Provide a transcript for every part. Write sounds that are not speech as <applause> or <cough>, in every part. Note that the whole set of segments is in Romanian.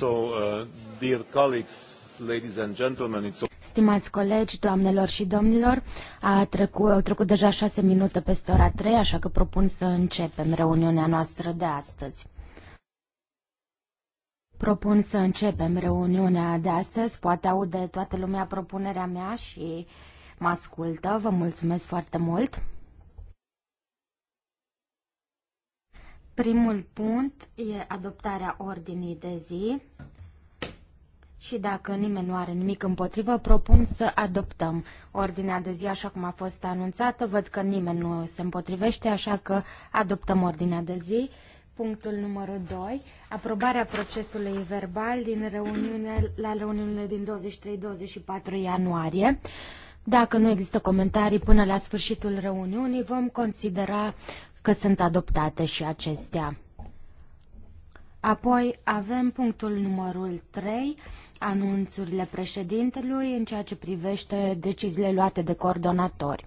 So, uh, dear colleagues, ladies and gentlemen, it's... Stimați colegi, doamnelor și domnilor, a trecut, au trecut deja șase minute peste ora trei, așa că propun să începem reuniunea noastră de astăzi. Propun să începem reuniunea de astăzi. Poate aude toată lumea propunerea mea și mă ascultă. Vă mulțumesc foarte mult! Primul punct e adoptarea ordinii de zi și dacă nimeni nu are nimic împotrivă, propun să adoptăm ordinea de zi așa cum a fost anunțată. Văd că nimeni nu se împotrivește, așa că adoptăm ordinea de zi. Punctul numărul 2. Aprobarea procesului verbal din reuniune, la reuniunile din 23-24 ianuarie. Dacă nu există comentarii până la sfârșitul reuniunii, vom considera că sunt adoptate și acestea. Apoi avem punctul numărul 3, anunțurile președintelui în ceea ce privește deciziile luate de coordonatori.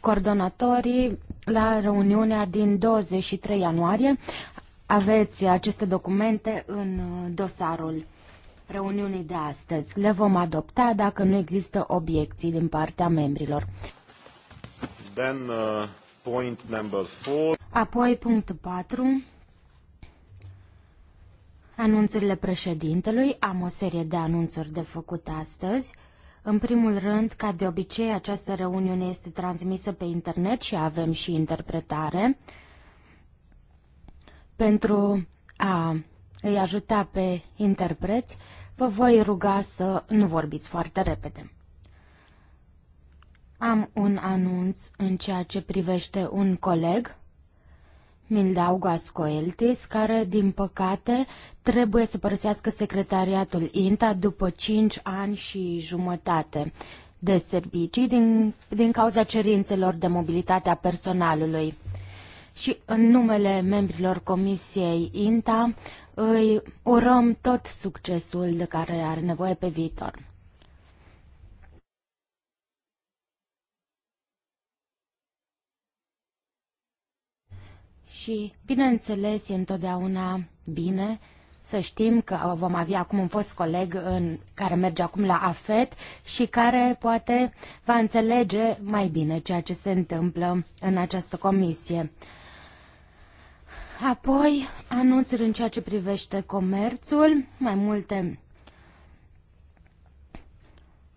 Coordonatorii la reuniunea din 23 ianuarie aveți aceste documente în uh, dosarul reuniunii de astăzi. Le vom adopta dacă nu există obiecții din partea membrilor. Then, uh point number four. Apoi punctul 4. Anunțurile președintelui. Am o serie de anunțuri de făcut astăzi. În primul rând, ca de obicei, această reuniune este transmisă pe internet și avem și interpretare. Pentru a îi ajuta pe interpreți, vă voi ruga să nu vorbiți foarte repede. Am un anunț în ceea ce privește un coleg, Mildaugas Coeltis, care, din păcate, trebuie să părăsească secretariatul INTA după 5 ani și jumătate de servicii din, din cauza cerințelor de mobilitate a personalului. Și în numele membrilor Comisiei INTA îi urăm tot succesul de care are nevoie pe viitor. Și, bineînțeles, e întotdeauna bine să știm că vom avea acum un fost coleg în, care merge acum la AFET și care poate va înțelege mai bine ceea ce se întâmplă în această comisie. Apoi, anunțuri în ceea ce privește comerțul, mai multe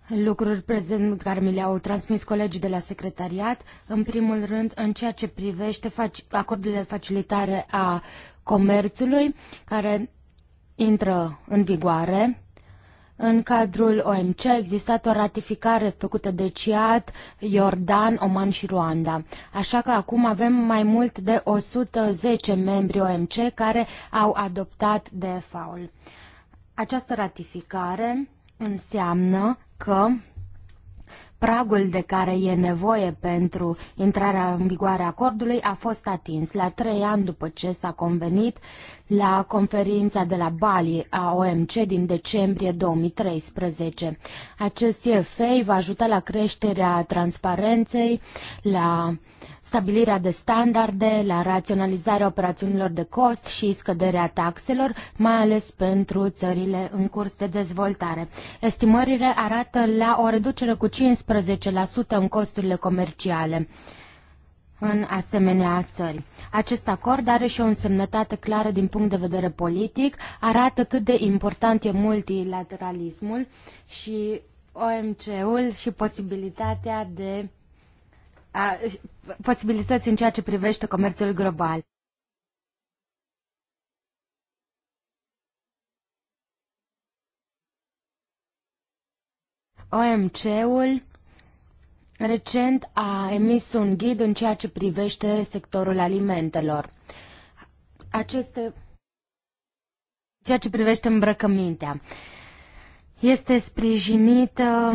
lucruri prezent care mi le-au transmis colegii de la secretariat. În primul rând, în ceea ce privește acordurile de facilitare a comerțului, care intră în vigoare. În cadrul OMC a existat o ratificare făcută de CIAT, Iordan, Oman și Ruanda. Așa că acum avem mai mult de 110 membri OMC care au adoptat DFA-ul. Această ratificare înseamnă că Pragul de care e nevoie pentru intrarea în vigoare a acordului a fost atins la trei ani după ce s-a convenit la conferința de la Bali a OMC din decembrie 2013. Acest EFA va ajuta la creșterea transparenței, la stabilirea de standarde, la raționalizarea operațiunilor de cost și scăderea taxelor, mai ales pentru țările în curs de dezvoltare. Estimările arată la o reducere cu 15 15% în costurile comerciale în asemenea țări. Acest acord are și o însemnătate clară din punct de vedere politic, arată cât de important e multilateralismul și OMC-ul și posibilitatea de a, posibilități în ceea ce privește comerțul global. OMC-ul recent a emis un ghid în ceea ce privește sectorul alimentelor. Aceste ceea ce privește îmbrăcămintea. Este sprijinită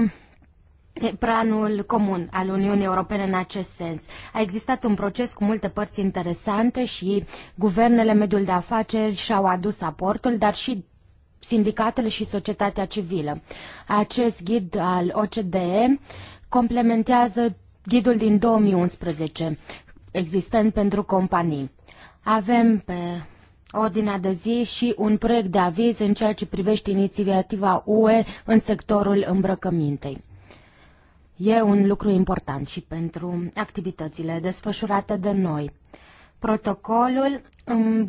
planul comun al Uniunii Europene în acest sens. A existat un proces cu multe părți interesante și guvernele, mediul de afaceri și-au adus aportul, dar și sindicatele și societatea civilă. Acest ghid al OCDE complementează ghidul din 2011 existent pentru companii. Avem pe ordinea de zi și un proiect de aviz în ceea ce privește inițiativa UE în sectorul îmbrăcămintei. E un lucru important și pentru activitățile desfășurate de noi. Protocolul în,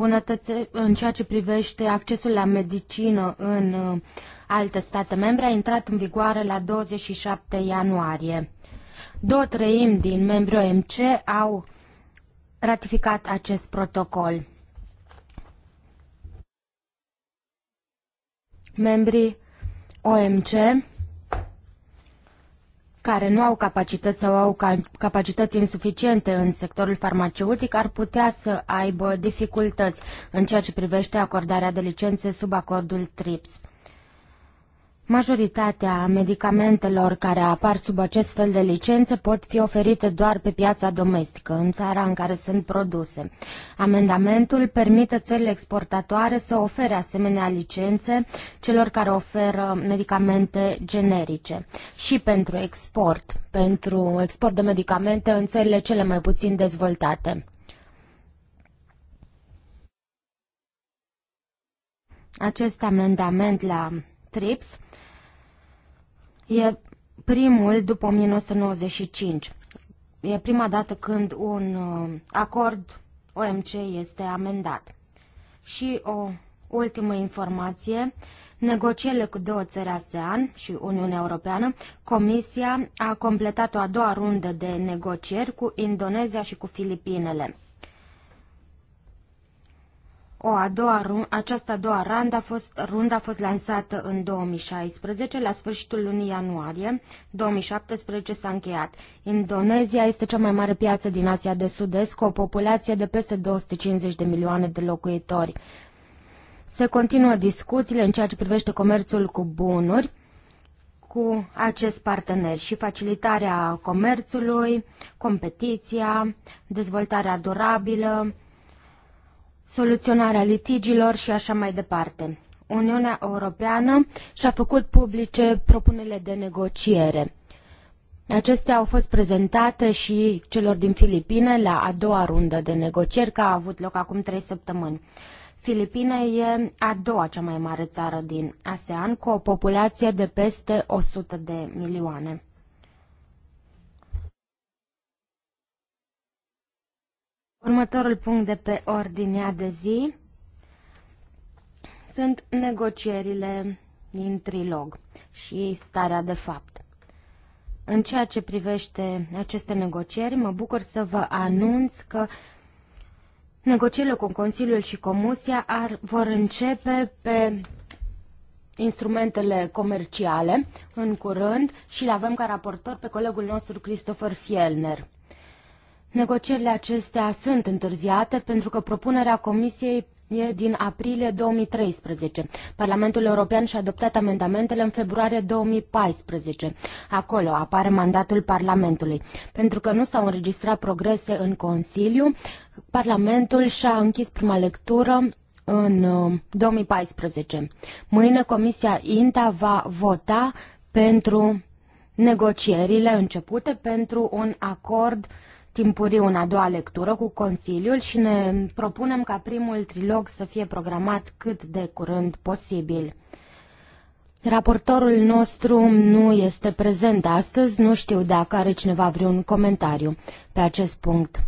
în ceea ce privește accesul la medicină în alte state membre a intrat în vigoare la 27 ianuarie. Două treimi din membrii OMC au ratificat acest protocol. Membrii OMC care nu au capacități sau au capacități insuficiente în sectorul farmaceutic ar putea să aibă dificultăți în ceea ce privește acordarea de licențe sub acordul TRIPS. Majoritatea medicamentelor care apar sub acest fel de licențe pot fi oferite doar pe piața domestică, în țara în care sunt produse. Amendamentul permite țările exportatoare să ofere asemenea licențe celor care oferă medicamente generice și pentru export, pentru export de medicamente în țările cele mai puțin dezvoltate. Acest amendament la TRIPS e primul după 1995. E prima dată când un uh, acord OMC este amendat. Și o ultimă informație, negocierile cu două țări ASEAN și Uniunea Europeană, Comisia a completat o a doua rundă de negocieri cu Indonezia și cu Filipinele. O a doua run, această a doua rundă a, fost, rund a fost lansată în 2016, la sfârșitul lunii ianuarie 2017 s-a încheiat. Indonezia este cea mai mare piață din Asia de Sud-Est, cu o populație de peste 250 de milioane de locuitori. Se continuă discuțiile în ceea ce privește comerțul cu bunuri cu acest partener și facilitarea comerțului, competiția, dezvoltarea durabilă, soluționarea litigilor și așa mai departe. Uniunea Europeană și-a făcut publice propunerile de negociere. Acestea au fost prezentate și celor din Filipine la a doua rundă de negocieri, care a avut loc acum trei săptămâni. Filipine e a doua cea mai mare țară din ASEAN, cu o populație de peste 100 de milioane. Următorul punct de pe ordinea de zi sunt negocierile din trilog și starea de fapt. În ceea ce privește aceste negocieri, mă bucur să vă anunț că negocierile cu Consiliul și Comisia ar, vor începe pe instrumentele comerciale în curând și le avem ca raportor pe colegul nostru Christopher Fielner. Negocierile acestea sunt întârziate pentru că propunerea Comisiei e din aprilie 2013. Parlamentul European și-a adoptat amendamentele în februarie 2014. Acolo apare mandatul Parlamentului. Pentru că nu s-au înregistrat progrese în Consiliu, Parlamentul și-a închis prima lectură în 2014. Uh, Mâine Comisia INTA va vota pentru negocierile începute pentru un acord uh, timpuriu în a doua lectură cu Consiliul și ne propunem ca primul trilog să fie programat cât de curând posibil. Raportorul nostru nu este prezent astăzi, nu știu dacă are cineva vreun comentariu pe acest punct.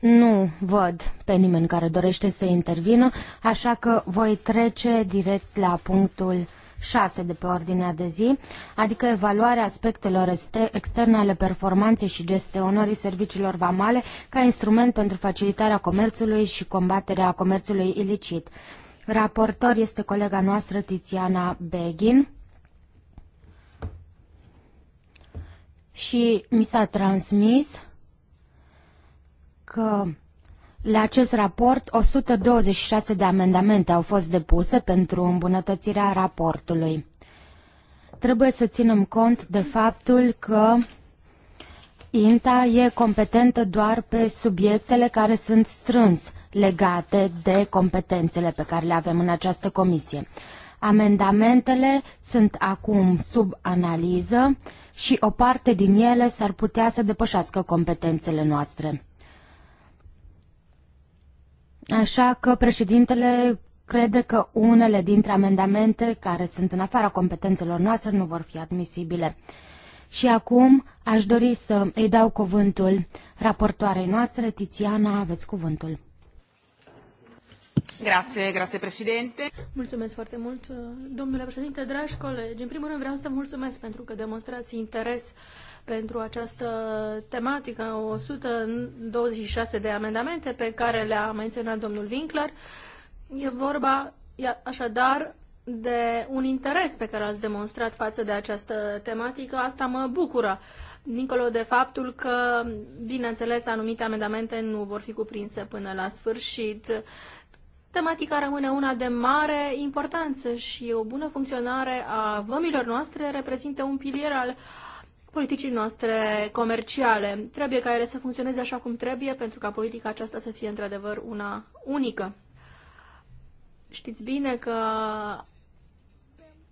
Nu văd pe nimeni care dorește să intervină, așa că voi trece direct la punctul 6 de pe ordinea de zi, adică evaluarea aspectelor externe ale performanței și gestionării serviciilor vamale ca instrument pentru facilitarea comerțului și combaterea comerțului ilicit. Raportor este colega noastră Tiziana Begin. Și mi s-a transmis că la acest raport, 126 de amendamente au fost depuse pentru îmbunătățirea raportului. Trebuie să ținem cont de faptul că INTA e competentă doar pe subiectele care sunt strâns legate de competențele pe care le avem în această comisie. Amendamentele sunt acum sub analiză și o parte din ele s-ar putea să depășească competențele noastre. Așa că președintele crede că unele dintre amendamente care sunt în afara competențelor noastre nu vor fi admisibile. Și acum aș dori să îi dau cuvântul raportoarei noastre, Tiziana, aveți cuvântul. Grazie, grazie Presidente. Mulțumesc foarte mult, domnule președinte, dragi colegi. În primul rând vreau să mulțumesc pentru că demonstrați interes uh, pentru această tematică, 126 de amendamente pe care le-a menționat domnul Winkler. E vorba așadar de un interes pe care ați demonstrat față de această tematică. Asta mă bucură, dincolo de faptul că, bineînțeles, anumite amendamente nu vor fi cuprinse până la sfârșit. Tematica rămâne una de mare importanță și o bună funcționare a vămilor noastre reprezintă un pilier al politicii noastre comerciale. Trebuie ca ele să funcționeze așa cum trebuie pentru ca politica aceasta să fie într-adevăr una unică. Știți bine că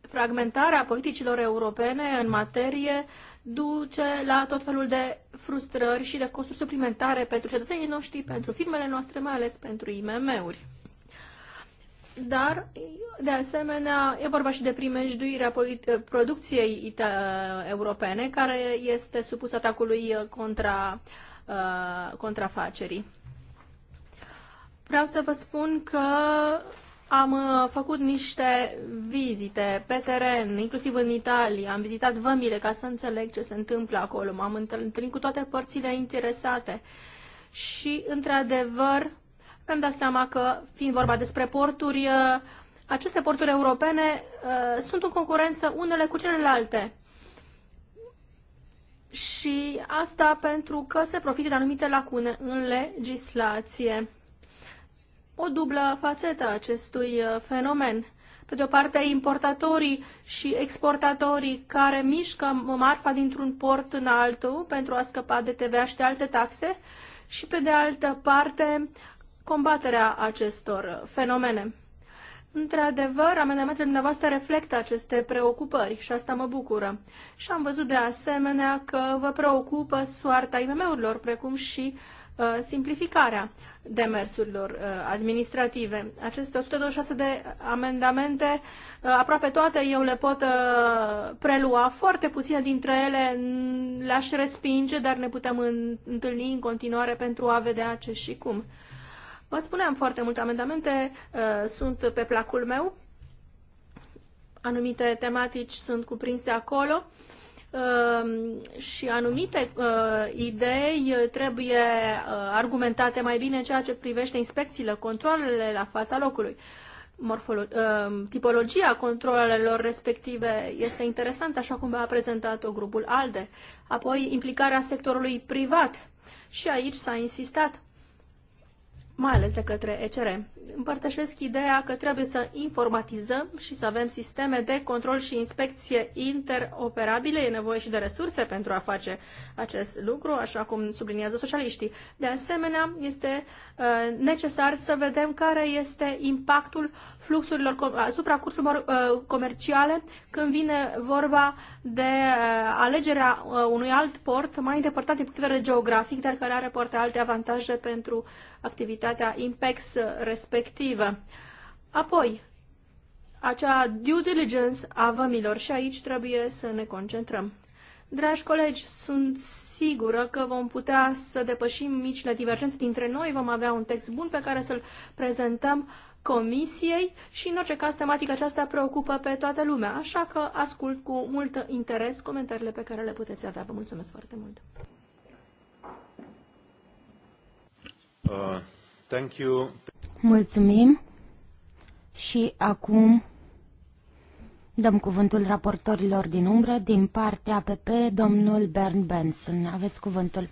fragmentarea politicilor europene în materie duce la tot felul de frustrări și de costuri suplimentare pentru cetățenii noștri, pentru firmele noastre, mai ales pentru IMM-uri dar, de asemenea, e vorba și de primejduirea producției europene, care este supus atacului contra, uh, contrafacerii. Vreau să vă spun că am uh, făcut niște vizite pe teren, inclusiv în Italia. Am vizitat vămile ca să înțeleg ce se întâmplă acolo. M-am întâlnit cu toate părțile interesate. Și, într-adevăr, mi-am dat seama că, fiind vorba despre porturi, uh, aceste porturi europene uh, sunt în concurență unele cu celelalte. Și asta pentru că se profită de anumite lacune în legislație. O dublă fațetă acestui uh, fenomen. Pe de o parte, importatorii și exportatorii care mișcă marfa dintr-un port în altul pentru a scăpa de TVA și de alte taxe și pe de altă parte, uh, combaterea acestor uh, fenomene. Într-adevăr, amendamentele dumneavoastră reflectă aceste preocupări și asta mă bucură. Și am văzut de asemenea că vă preocupă soarta IMM-urilor, precum și uh, simplificarea demersurilor uh, administrative. Aceste 126 de amendamente, uh, aproape toate eu le pot uh, prelua, foarte puține dintre ele le-aș respinge, dar ne putem întâlni în continuare pentru a vedea ce și cum. Uh, Vă spuneam, foarte multe amendamente uh, sunt pe placul meu. Anumite tematici sunt cuprinse acolo uh, și anumite uh, idei trebuie uh, argumentate mai bine în ceea ce privește inspecțiile, controlele la fața locului. Morfolo- uh, tipologia controlelor respective este interesantă, așa cum a prezentat-o grupul ALDE. Apoi, implicarea sectorului privat. Și aici s-a insistat mai ales de către ECR împărtășesc ideea că trebuie să informatizăm și să avem sisteme de control și inspecție interoperabile. E nevoie și de resurse pentru a face acest lucru, așa cum subliniază socialiștii. De asemenea, este uh, necesar să vedem care este impactul fluxurilor asupra cursurilor uh, comerciale când vine vorba de uh, alegerea unui alt port mai îndepărtat din punct de vedere geografic, dar care are poate alte avantaje pentru activitatea IMPEX respectivă respectivă. Apoi, acea due diligence a vămilor și aici trebuie să ne concentrăm. Dragi colegi, sunt sigură că vom putea să depășim micile divergențe dintre noi, vom avea un text bun pe care să-l prezentăm comisiei și, în orice caz, tematica aceasta preocupă pe toată lumea, așa că ascult cu mult interes comentariile pe care le puteți avea. Vă mulțumesc foarte mult! Uh, thank you. Mulțumim și acum dăm cuvântul raportorilor din umbră din partea APP, domnul Bernd Benson. Aveți cuvântul.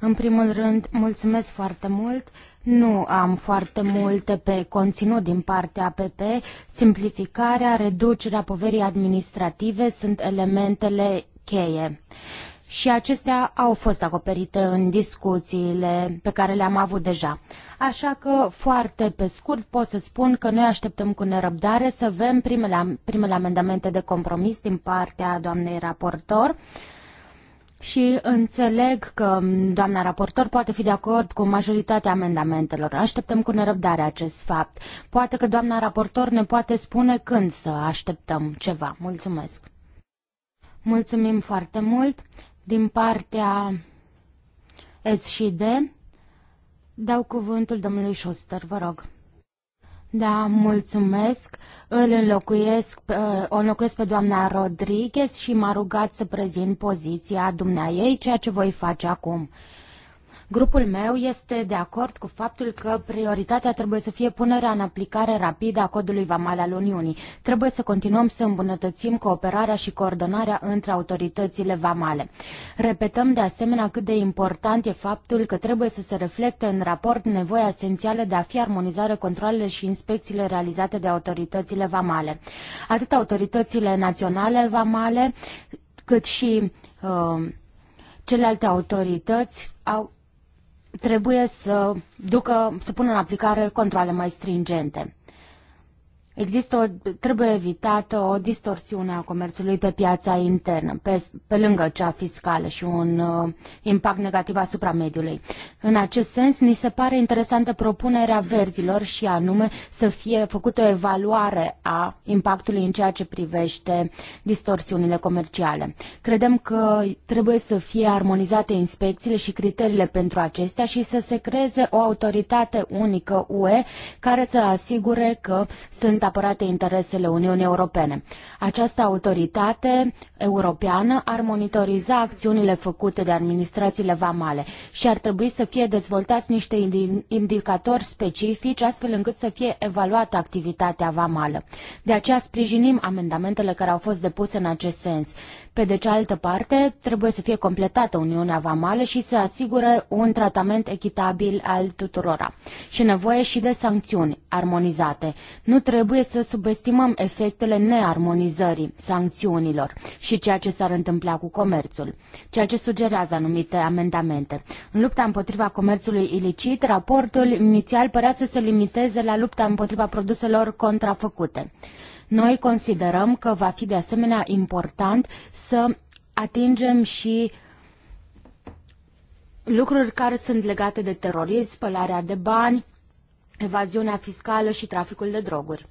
În primul rând, mulțumesc foarte mult. Nu am foarte multe pe conținut din partea APP. Simplificarea, reducerea poverii administrative sunt elementele cheie și acestea au fost acoperite în discuțiile pe care le-am avut deja. Așa că, foarte pe scurt, pot să spun că noi așteptăm cu nerăbdare să avem primele, primele amendamente de compromis din partea doamnei raportor și înțeleg că doamna raportor poate fi de acord cu majoritatea amendamentelor. Așteptăm cu nerăbdare acest fapt. Poate că doamna raportor ne poate spune când să așteptăm ceva. Mulțumesc! Mulțumim foarte mult! din partea S și D. Dau cuvântul domnului Schuster, vă rog. Da, mulțumesc. Îl înlocuiesc, o înlocuiesc pe doamna Rodriguez și m-a rugat să prezint poziția ei, ceea ce voi face acum. Grupul meu este de acord cu faptul că prioritatea trebuie să fie punerea în aplicare rapidă a codului vamal al Uniunii. Trebuie să continuăm să îmbunătățim cooperarea și coordonarea între autoritățile vamale. Repetăm de asemenea cât de important e faptul că trebuie să se reflecte în raport nevoia esențială de a fi armonizare controlele și inspecțiile realizate de autoritățile vamale. Atât autoritățile naționale vamale, cât și uh, celelalte autorități au trebuie să ducă, să pună în aplicare controle mai stringente. Există o, trebuie evitată o distorsiune a comerțului pe piața internă, pe, pe lângă cea fiscală și un uh, impact negativ asupra mediului. În acest sens, ni se pare interesantă propunerea verzilor și anume să fie făcută o evaluare a impactului în ceea ce privește distorsiunile comerciale. Credem că trebuie să fie armonizate inspecțiile și criteriile pentru acestea și să se creeze o autoritate unică UE care să asigure că sunt apărate interesele Uniunii Europene. Această autoritate europeană ar monitoriza acțiunile făcute de administrațiile vamale și ar trebui să fie dezvoltați niște indicatori specifici astfel încât să fie evaluată activitatea vamală. De aceea sprijinim amendamentele care au fost depuse în acest sens. Pe de cealaltă parte, trebuie să fie completată Uniunea Vamală și să asigure un tratament echitabil al tuturora. Și nevoie și de sancțiuni armonizate. Nu trebuie să subestimăm efectele nearmonizării sancțiunilor și ceea ce s-ar întâmpla cu comerțul, ceea ce sugerează anumite amendamente. În lupta împotriva comerțului ilicit, raportul inițial părea să se limiteze la lupta împotriva produselor contrafăcute. Noi considerăm că va fi de asemenea important să atingem și lucruri care sunt legate de terorism, spălarea de bani, evaziunea fiscală și traficul de droguri.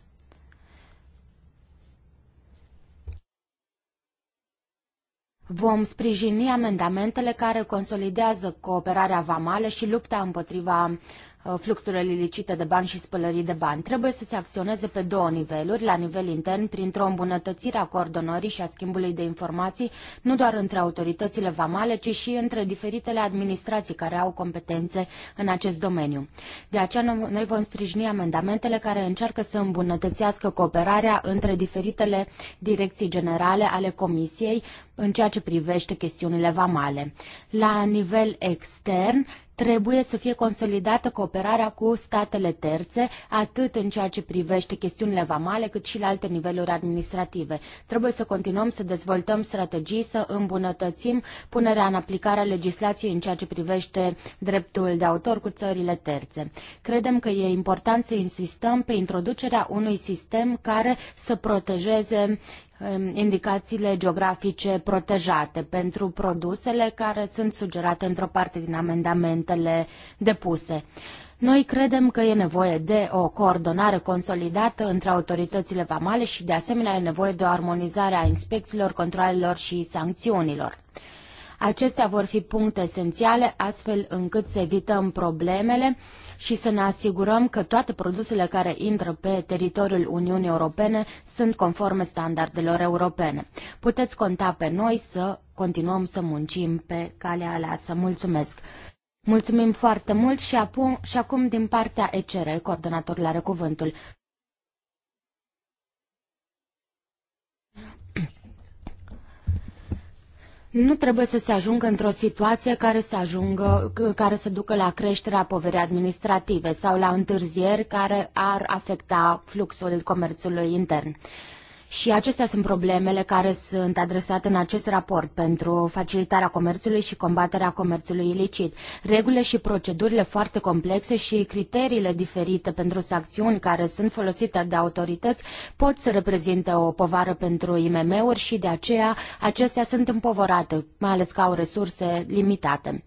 Vom sprijini amendamentele care consolidează cooperarea vamală și lupta împotriva Uh, fluxurile ilicite de bani și spălării de bani. Trebuie să se acționeze pe două niveluri, la nivel intern, printr-o îmbunătățire a coordonării și a schimbului de informații, nu doar între autoritățile vamale, ci și între diferitele administrații care au competențe în acest domeniu. De aceea noi vom sprijini amendamentele care încearcă să îmbunătățească cooperarea între diferitele direcții generale ale Comisiei în ceea ce privește chestiunile vamale. La nivel extern, Trebuie să fie consolidată cooperarea cu statele terțe, atât în ceea ce privește chestiunile vamale, cât și la alte niveluri administrative. Trebuie să continuăm să dezvoltăm strategii, să îmbunătățim punerea în aplicare a legislației în ceea ce privește dreptul de autor cu țările terțe. Credem că e important să insistăm pe introducerea unui sistem care să protejeze Um, indicațiile geografice protejate pentru produsele care sunt sugerate într-o parte din amendamentele depuse. Noi credem că e nevoie de o coordonare consolidată între autoritățile vamale și de asemenea e nevoie de o armonizare a inspecțiilor, controalelor și sancțiunilor. Acestea vor fi puncte esențiale, astfel încât să evităm problemele și să ne asigurăm că toate produsele care intră pe teritoriul Uniunii Europene sunt conforme standardelor europene. Puteți conta pe noi să continuăm să muncim pe calea aleasă. Mulțumesc! Mulțumim foarte mult și, apum, și acum din partea ECR, coordonatorul are cuvântul. Nu trebuie să se ajungă într-o situație care să, ajungă, care să ducă la creșterea poverii administrative sau la întârzieri care ar afecta fluxul comerțului intern. Și acestea sunt problemele care sunt adresate în acest raport pentru facilitarea comerțului și combaterea comerțului ilicit. Regulile și procedurile foarte complexe și criteriile diferite pentru sancțiuni care sunt folosite de autorități pot să reprezinte o povară pentru IMM-uri și de aceea acestea sunt împovorate, mai ales că au resurse limitate.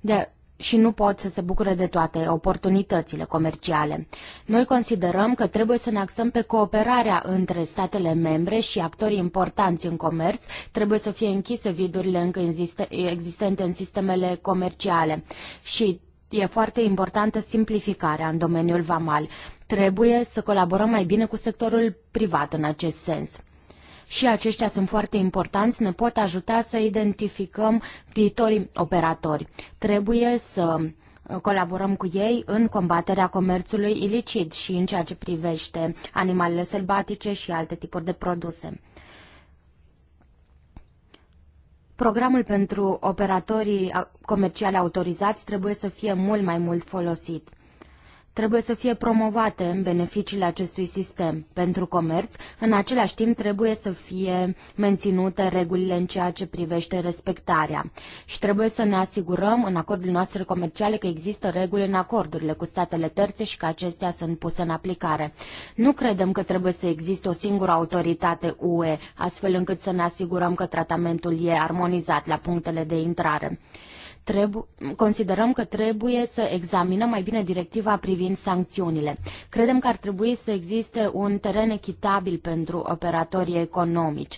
De și nu pot să se bucure de toate oportunitățile comerciale. Noi considerăm că trebuie să ne axăm pe cooperarea între statele membre și actorii importanți în comerț, trebuie să fie închise vidurile încă existente în sistemele comerciale și e foarte importantă simplificarea în domeniul vamal. Trebuie să colaborăm mai bine cu sectorul privat în acest sens și aceștia sunt foarte importanți, ne pot ajuta să identificăm viitorii operatori. Trebuie să uh, colaborăm cu ei în combaterea comerțului ilicit și în ceea ce privește animalele sălbatice și alte tipuri de produse. Programul pentru operatorii uh, comerciali autorizați trebuie să fie mult mai mult folosit trebuie să fie promovate în beneficiile acestui sistem pentru comerț, în același timp trebuie să fie menținute regulile în ceea ce privește respectarea și trebuie să ne asigurăm în acordurile noastre comerciale că există reguli în acordurile cu statele terțe și că acestea sunt puse în aplicare. Nu credem că trebuie să existe o singură autoritate UE, astfel încât să ne asigurăm că tratamentul e armonizat la punctele de intrare trebu- considerăm că trebuie să examinăm mai bine directiva privind sancțiunile. Credem că ar trebui să existe un teren echitabil pentru operatorii economici.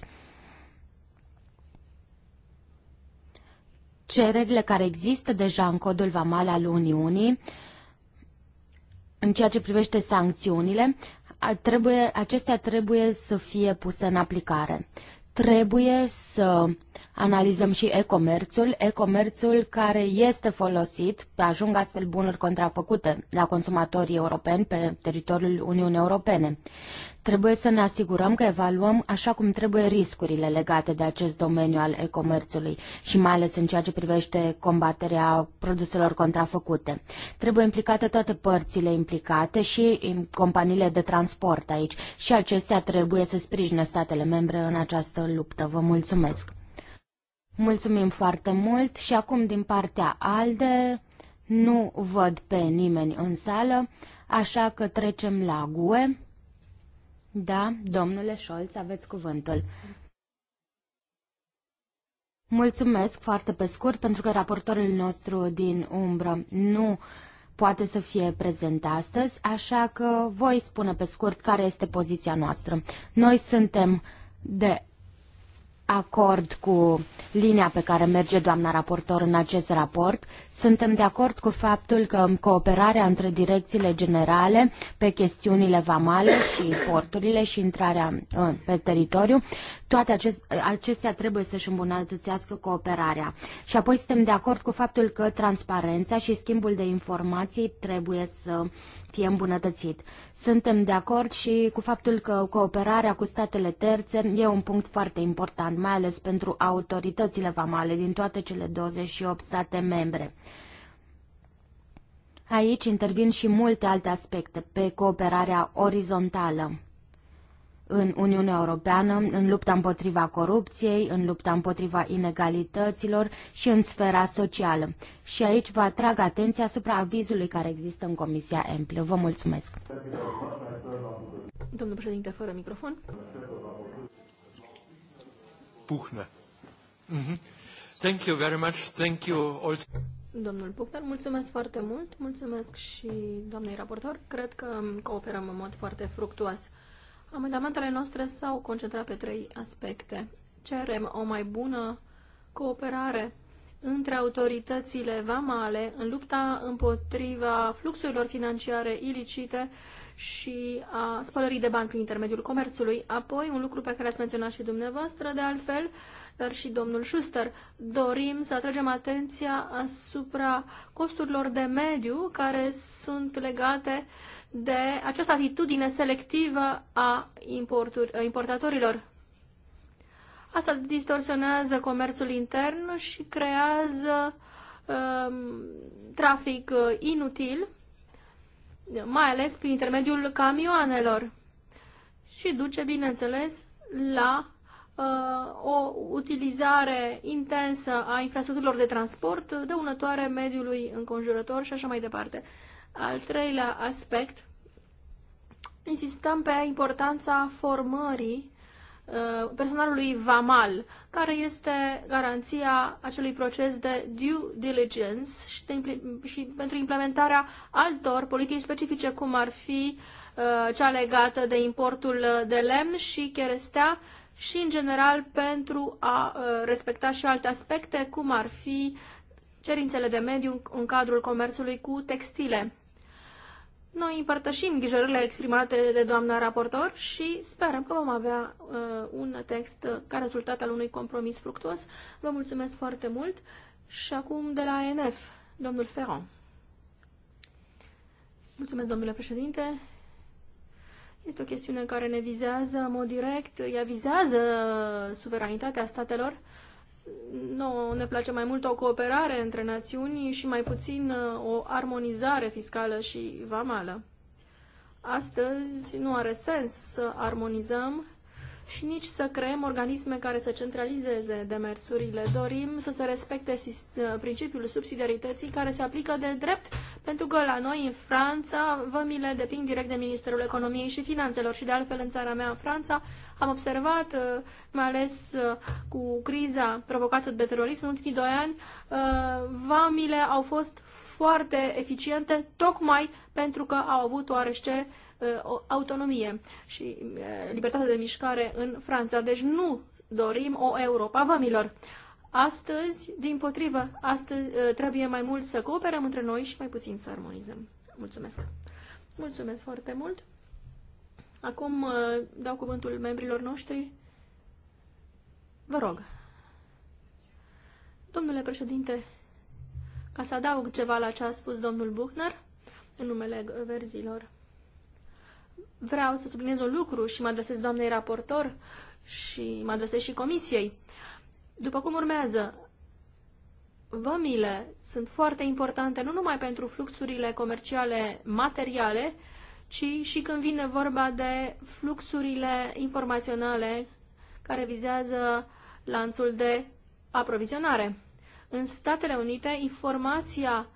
Cererile care există deja în codul vamal al Uniunii, în ceea ce privește sancțiunile, trebuie, acestea trebuie să fie puse în aplicare. Trebuie să analizăm și e-comerțul, e-comerțul care este folosit, ajung astfel bunuri contrafăcute la consumatorii europeni pe teritoriul Uniunii Europene. Trebuie să ne asigurăm că evaluăm așa cum trebuie riscurile legate de acest domeniu al e-comerțului și mai ales în ceea ce privește combaterea produselor contrafăcute. Trebuie implicate toate părțile implicate și companiile de transport aici și acestea trebuie să sprijine statele membre în această luptă. Vă mulțumesc! Mulțumim foarte mult și acum din partea ALDE nu văd pe nimeni în sală, așa că trecem la GUE. Da, domnule Scholz, aveți cuvântul. Mulțumesc foarte pe scurt pentru că raportorul nostru din umbră nu poate să fie prezent astăzi, așa că voi spune pe scurt care este poziția noastră. Noi suntem de acord cu linia pe care merge doamna raportor în acest raport. Suntem de acord cu faptul că cooperarea între direcțiile generale pe chestiunile vamale și porturile și intrarea ă, pe teritoriu, toate acest, acestea trebuie să-și îmbunătățească cooperarea. Și apoi suntem de acord cu faptul că transparența și schimbul de informații trebuie să fie îmbunătățit. Suntem de acord și cu faptul că cooperarea cu statele terțe e un punct foarte important, mai ales pentru autoritățile vamale din toate cele 28 state membre. Aici intervin și multe alte aspecte pe cooperarea orizontală în Uniunea Europeană, în lupta împotriva corupției, în lupta împotriva inegalităților și în sfera socială. Și aici vă atrag atenția asupra avizului care există în Comisia Emplă. Vă mulțumesc. Domnul președinte, fără microfon. Puhne. Mm-hmm. Thank you very much. Thank you also. Domnul Buchner, mulțumesc foarte mult, mulțumesc și doamnei raportor. Cred că cooperăm în mod foarte fructuos. Amendamentele noastre s-au concentrat pe trei aspecte. Cerem o mai bună cooperare între autoritățile vamale în lupta împotriva fluxurilor financiare ilicite și a spălării de bani prin intermediul comerțului. Apoi, un lucru pe care ați menționat și dumneavoastră, de altfel, dar și domnul Schuster, dorim să atragem atenția asupra costurilor de mediu care sunt legate de această atitudine selectivă a importatorilor. Asta distorsionează comerțul intern și creează um, trafic uh, inutil, mai ales prin intermediul camioanelor și duce, bineînțeles, la uh, o utilizare intensă a infrastructurilor de transport dăunătoare mediului înconjurător și așa mai departe. Al treilea aspect, insistăm pe importanța formării uh, personalului VAMAL, care este garanția acelui proces de due diligence și, de, și pentru implementarea altor politici specifice, cum ar fi uh, cea legată de importul de lemn și cherestea și, în general, pentru a uh, respecta și alte aspecte, cum ar fi cerințele de mediu în cadrul comerțului cu textile. Noi împărtășim îngrijorările exprimate de doamna raportor și sperăm că vom avea uh, un text ca rezultat al unui compromis fructuos. Vă mulțumesc foarte mult și acum de la ANF, domnul Ferron. Mulțumesc, domnule președinte. Este o chestiune care ne vizează în mod direct, ea vizează suveranitatea statelor No, ne place mai mult o cooperare între națiuni și mai puțin uh, o armonizare fiscală și vamală. Astăzi nu are sens să armonizăm și nici să creăm organisme care să centralizeze demersurile. Dorim să se respecte uh, principiul subsidiarității care se aplică de drept, pentru că la noi, în Franța, vămile depind direct de Ministerul Economiei și Finanțelor și de altfel în țara mea, Franța, am observat, uh, mai ales uh, cu criza provocată de terorism în ultimii doi ani, uh, vamile au fost foarte eficiente tocmai pentru că au avut oarește autonomie și libertate de mișcare în Franța. Deci nu dorim o Europa vamilor. Astăzi, din potrivă, astăzi trebuie mai mult să cooperăm între noi și mai puțin să armonizăm. Mulțumesc! Mulțumesc foarte mult! Acum uh, dau cuvântul membrilor noștri. Vă rog. Domnule președinte, ca să adaug ceva la ce a spus domnul Buchner, în numele verzilor, vreau să subliniez un lucru și mă adresez doamnei raportor și mă adresez și comisiei. După cum urmează, vămile sunt foarte importante nu numai pentru fluxurile comerciale materiale, ci și când vine vorba de fluxurile informaționale care vizează lanțul de aprovizionare. În Statele Unite, informația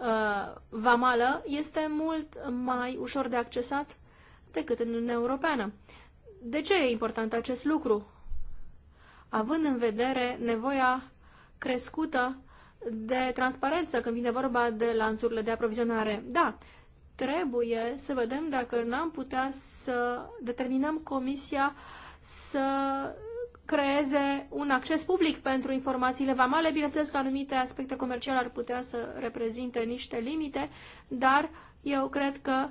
uh, vamală este mult mai ușor de accesat decât în Uniunea Europeană. De ce e important acest lucru? Având în vedere nevoia crescută de transparență când vine vorba de lanțurile de aprovizionare. Da, trebuie să vedem dacă n-am putea să determinăm comisia să creeze un acces public pentru informațiile vamale. Bineînțeles că anumite aspecte comerciale ar putea să reprezinte niște limite, dar eu cred că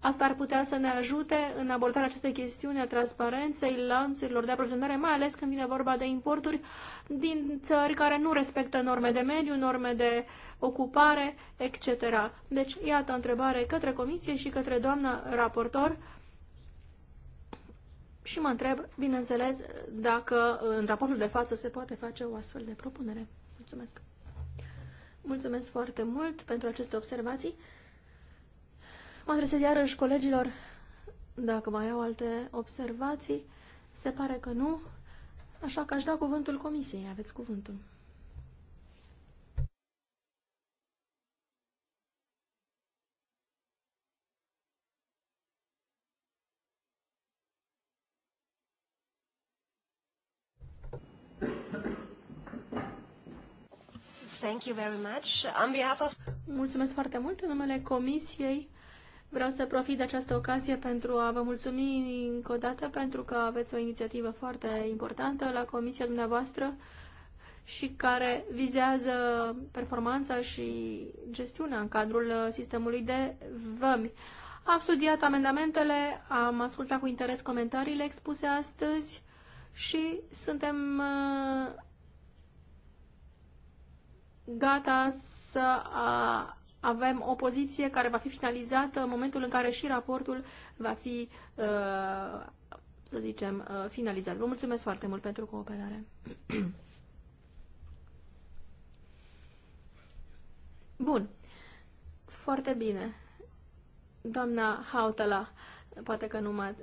asta ar putea să ne ajute în abordarea acestei chestiuni a transparenței lanțurilor de aprovizionare, mai ales când vine vorba de importuri din țări care nu respectă norme de mediu, norme de uh, ocupare, etc. Deci, iată întrebare către comisie și către doamna raportor și mă întreb, bineînțeles, dacă în raportul de față se poate face o astfel de propunere. Mulțumesc! Mulțumesc foarte mult pentru aceste observații. Mă adresez iarăși colegilor dacă mai au alte observații. Se pare că nu, așa că aș da cuvântul comisiei. Aveți cuvântul. Thank you very much. On behalf of... Mulțumesc foarte mult în numele Comisiei. Vreau să profit de această ocazie pentru a vă mulțumi încă o dată pentru că aveți o inițiativă foarte importantă la Comisia dumneavoastră și care vizează performanța și gestiunea în cadrul sistemului de vămi. Am studiat amendamentele, am ascultat cu interes comentariile expuse astăzi și suntem gata să avem o poziție care va fi finalizată în momentul în care și raportul va fi, uh, să zicem, uh, finalizat. Vă mulțumesc foarte mult pentru cooperare. <clears throat> Bun. Foarte bine. Doamna Hautala, poate că nu m-ați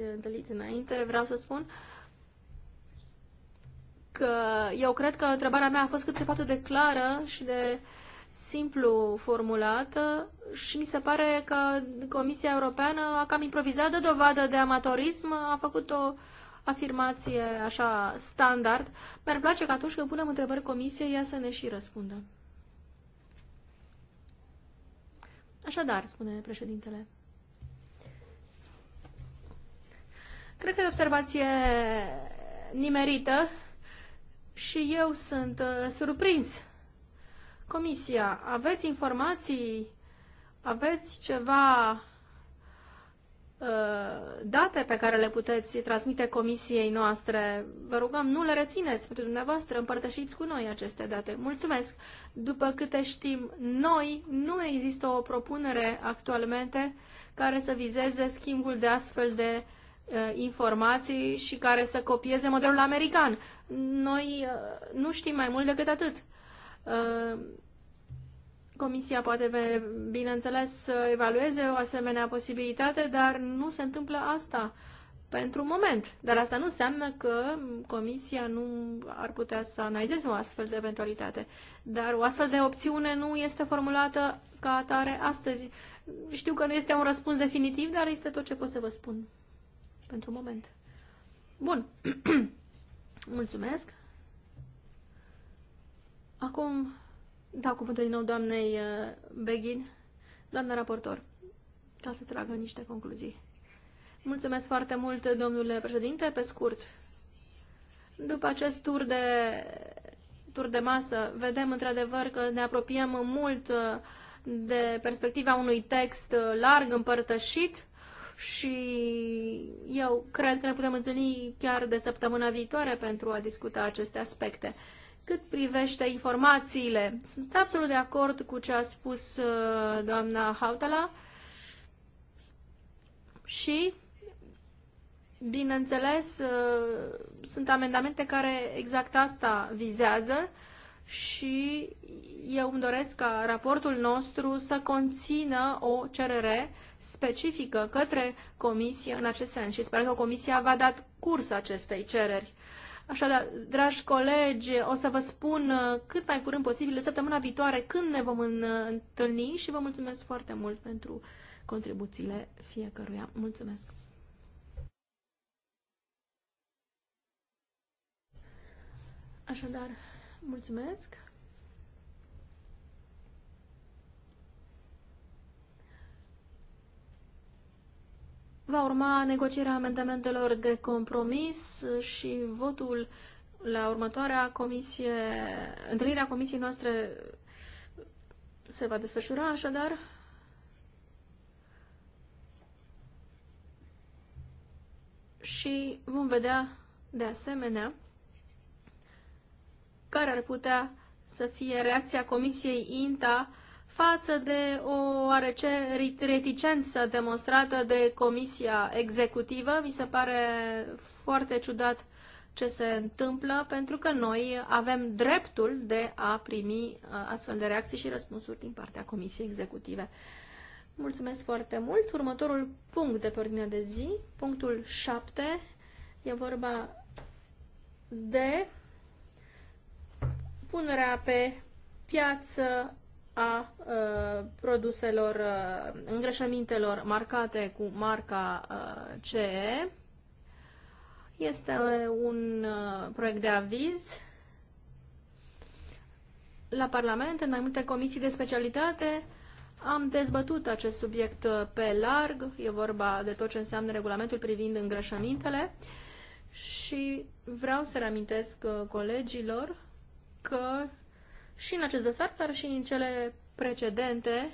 uh, întâlnit înainte, vreau să spun eu cred că întrebarea mea a fost cât se poate de clară și de simplu formulată și mi se pare că Comisia Europeană a cam improvizat de dovadă de amatorism, a făcut o afirmație așa standard. Mi-ar place că atunci când punem întrebări Comisiei, ea să ne și răspundă. Așadar, spune președintele. Cred că e observație nimerită și eu sunt uh, surprins. Comisia, aveți informații? Aveți ceva uh, date pe care le puteți transmite comisiei noastre. Vă rugăm, nu le rețineți pentru dumneavoastră, împărtășiți cu noi aceste date. Mulțumesc! După câte știm noi, nu există o propunere actualmente care să vizeze schimbul de astfel de uh, Uh, informații și care să copieze modelul american. Noi uh, nu știm mai mult decât atât. Uh, Comisia poate, bineînțeles, să evalueze o asemenea posibilitate, dar nu se întâmplă asta pentru moment. Dar asta nu înseamnă că Comisia nu ar putea să analizeze o astfel de eventualitate. Dar o astfel de opțiune nu este formulată ca atare astăzi. Știu că nu este un răspuns definitiv, dar este tot ce pot să vă spun pentru moment. Bun. <clears throat> Mulțumesc. Acum dau cuvântul din nou doamnei uh, Beghin, doamna raportor, ca să tragă niște concluzii. Mulțumesc foarte mult, domnule președinte, pe scurt. După acest tur de, tur de masă, vedem într-adevăr că ne apropiem mult uh, de perspectiva unui text uh, larg împărtășit, și eu cred că ne putem întâlni chiar de săptămâna viitoare pentru a discuta aceste aspecte. Cât privește informațiile, sunt absolut de acord cu ce a spus uh, doamna Hautala și, bineînțeles, uh, sunt amendamente care exact asta vizează, și eu îmi doresc ca raportul nostru să conțină o cerere specifică către Comisie în acest sens și sper că Comisia va da curs acestei cereri. Așadar, dragi colegi, o să vă spun uh, cât mai curând posibil săptămâna viitoare când ne vom uh, întâlni și vă mulțumesc foarte mult pentru contribuțiile fiecăruia. Mulțumesc! Așadar... Mulțumesc! Va urma negocierea amendamentelor de compromis și votul la următoarea comisie, întâlnirea comisiei noastre se va desfășura așadar. Și vom vedea de asemenea care ar putea să fie reacția Comisiei INTA față de o oarece reticență demonstrată de Comisia Executivă. Mi se pare foarte ciudat ce se întâmplă, pentru că noi avem dreptul de a primi uh, astfel de reacții și răspunsuri din partea Comisiei Executive. Mulțumesc foarte mult. Următorul punct de pe ordinea de zi, punctul 7, e vorba de punerea pe piață a uh, produselor, uh, îngrășămintelor marcate cu marca uh, CE. Este uh, un uh, proiect de aviz la Parlament, în mai multe comisii de specialitate, am dezbătut acest subiect uh, pe larg, e vorba de tot ce înseamnă regulamentul privind îngrășămintele și vreau să reamintesc uh, colegilor că și în acest dosar, dar și în cele precedente,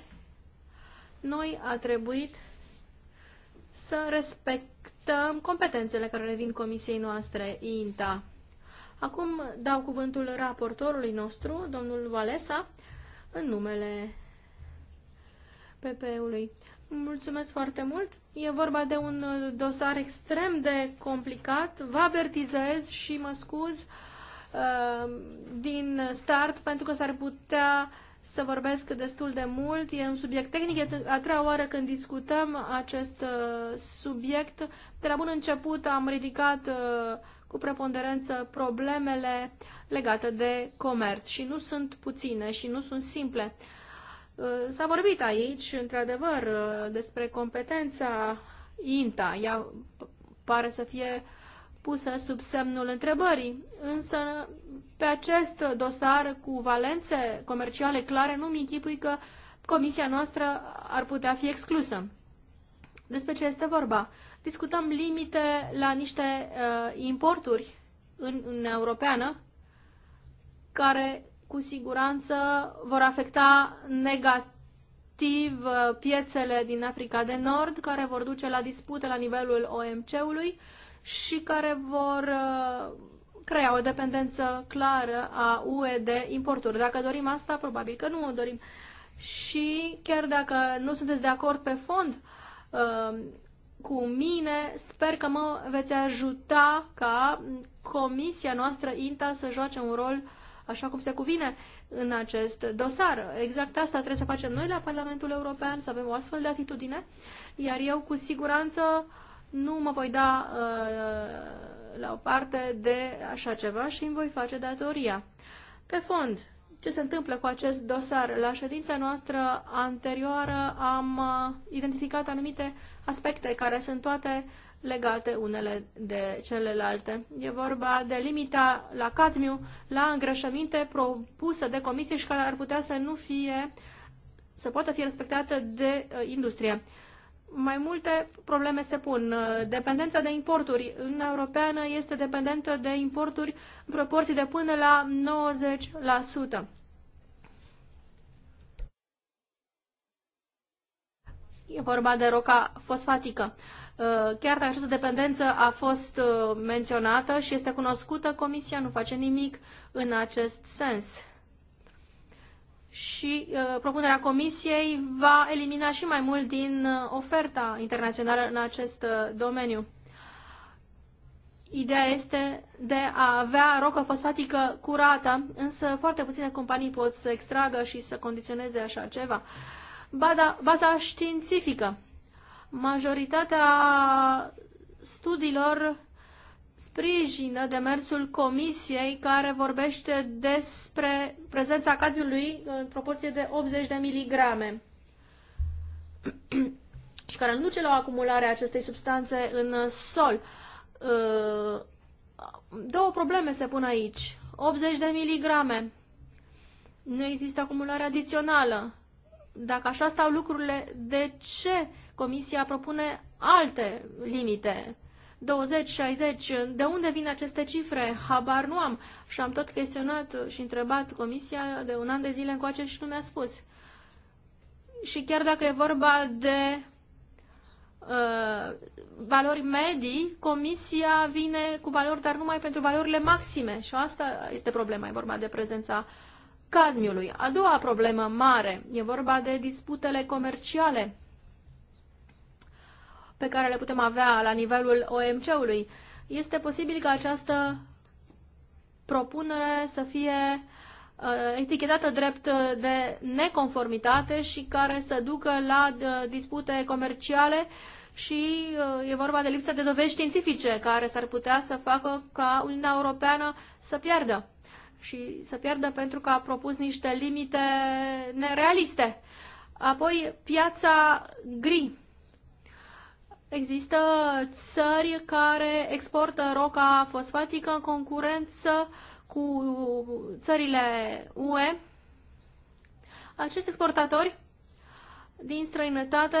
noi a trebuit să respectăm competențele care revin comisiei noastre INTA. Acum dau cuvântul raportorului nostru, domnul Valesa, în numele PP-ului. Mulțumesc foarte mult. E vorba de un dosar extrem de complicat. Vă avertizez și mă scuz Uh, din start pentru că s-ar putea să vorbesc destul de mult. E un subiect tehnic, e a treia oară când discutăm acest uh, subiect. De la bun început am ridicat uh, cu preponderență problemele legate de comerț și nu sunt puține și nu sunt simple. S-a vorbit aici, într-adevăr, despre competența INTA. Ea pare să fie uh, pusă sub semnul întrebării. Însă, pe acest dosar cu valențe comerciale clare, nu mi închipui că comisia noastră ar putea fi exclusă. Despre ce este vorba? Discutăm limite la niște uh, importuri în Uniunea Europeană care cu siguranță vor afecta negativ uh, piețele din Africa de Nord, care vor duce la dispute la nivelul OMC-ului. Uh, și care vor uh, crea o dependență clară a UE de importuri. Dacă dorim asta, probabil că nu o dorim. Și chiar dacă nu sunteți de acord pe fond uh, cu mine, sper că mă veți ajuta ca comisia noastră INTA să joace un rol așa cum se cuvine în acest dosar. Exact asta trebuie să facem noi la Parlamentul European, să avem o astfel de atitudine, iar eu cu siguranță uh, nu mă voi da uh, la o parte de așa ceva și îmi voi face datoria. Pe fond, ce se întâmplă cu acest dosar? La ședința noastră anterioară am uh, identificat anumite aspecte care sunt toate legate unele de celelalte. E vorba de limita la cadmiu, la îngrășăminte propusă de comisie și care ar putea să nu fie, să poată fi respectată de uh, industrie. Uh, mai multe probleme se pun. Dependența de importuri. Uniunea Europeană este dependentă de importuri în proporții de până la 90%. E vorba de roca fosfatică. Uh, chiar dacă această dependență a fost uh, menționată și este cunoscută, Comisia nu face nimic în acest sens și uh, propunerea Comisiei va elimina și mai mult din uh, oferta internațională în acest uh, domeniu. Ideea este de a avea rocă fosfatică curată, însă foarte puține companii pot să extragă și să condiționeze așa ceva. Bada, baza științifică. Majoritatea studiilor sprijină demersul comisiei care vorbește despre prezența cadiului în proporție de 80 de miligrame <clears throat> și care nu duce la o acumulare a acestei substanțe în sol. Uh, două probleme se pun aici. 80 de miligrame. Nu există acumulare adițională. Dacă așa stau lucrurile, de ce Comisia propune alte limite? 20, 60, de unde vin aceste cifre? Habar nu am. Și am tot chestionat și întrebat comisia de un an de zile încoace și nu mi-a spus. Și chiar dacă e vorba de uh, valori medii, comisia vine cu valori, dar numai pentru valorile maxime. Și asta este problema, e vorba de prezența cadmiului. A doua problemă mare e vorba de disputele comerciale pe care le putem avea la nivelul OMC-ului. Este posibil ca această propunere să fie uh, etichetată drept de neconformitate și care să ducă la uh, dispute comerciale și uh, e vorba de lipsa de dovezi științifice care s-ar putea să facă ca Uniunea Europeană să piardă și să pierdă pentru că a propus niște limite nerealiste. Apoi, piața gri Există țări care exportă roca fosfatică în concurență cu țările UE. Acești exportatori din străinătate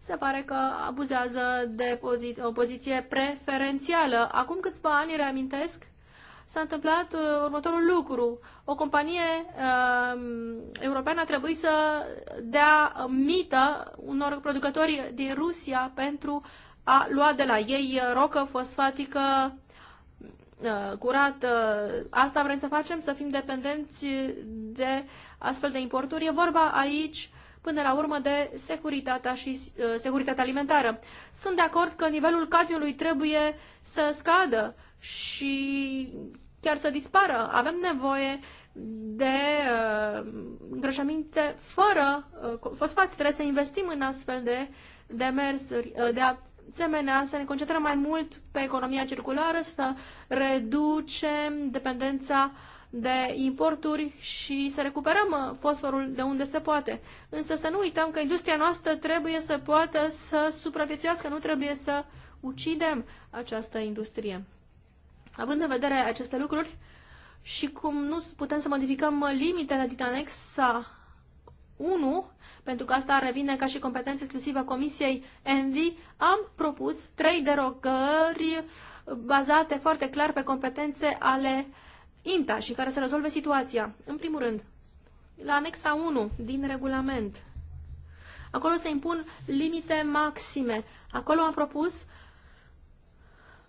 se pare că abuzează de o poziție preferențială. Acum câțiva ani, reamintesc, s-a întâmplat uh, următorul lucru. O companie uh, europeană a trebuit să dea mită unor producători din Rusia pentru a lua de la ei rocă fosfatică curat. Uh, curată. Asta vrem să facem, să fim dependenți de astfel de importuri. E vorba aici până la urmă de securitatea și uh, securitatea alimentară. Sunt de acord că nivelul cadmiului trebuie să scadă și chiar să dispară. Avem nevoie de uh, îngrășăminte fără uh, fosfați. Trebuie să investim în astfel de demersuri. Uh, de asemenea, să ne concentrăm mai mult pe economia circulară, să reducem dependența de importuri și să recuperăm uh, fosforul de unde se poate. Însă să nu uităm că industria noastră trebuie să poată să supraviețuiască, nu trebuie să ucidem această industrie. Având în vedere aceste lucruri și cum nu putem să modificăm limitele din anexa 1, pentru că asta revine ca și competență exclusivă a Comisiei ENVI, am propus trei derogări bazate foarte clar pe competențe ale INTA și care să rezolve situația. În primul rând, la anexa 1 din regulament, acolo se impun limite maxime. Acolo am propus uh,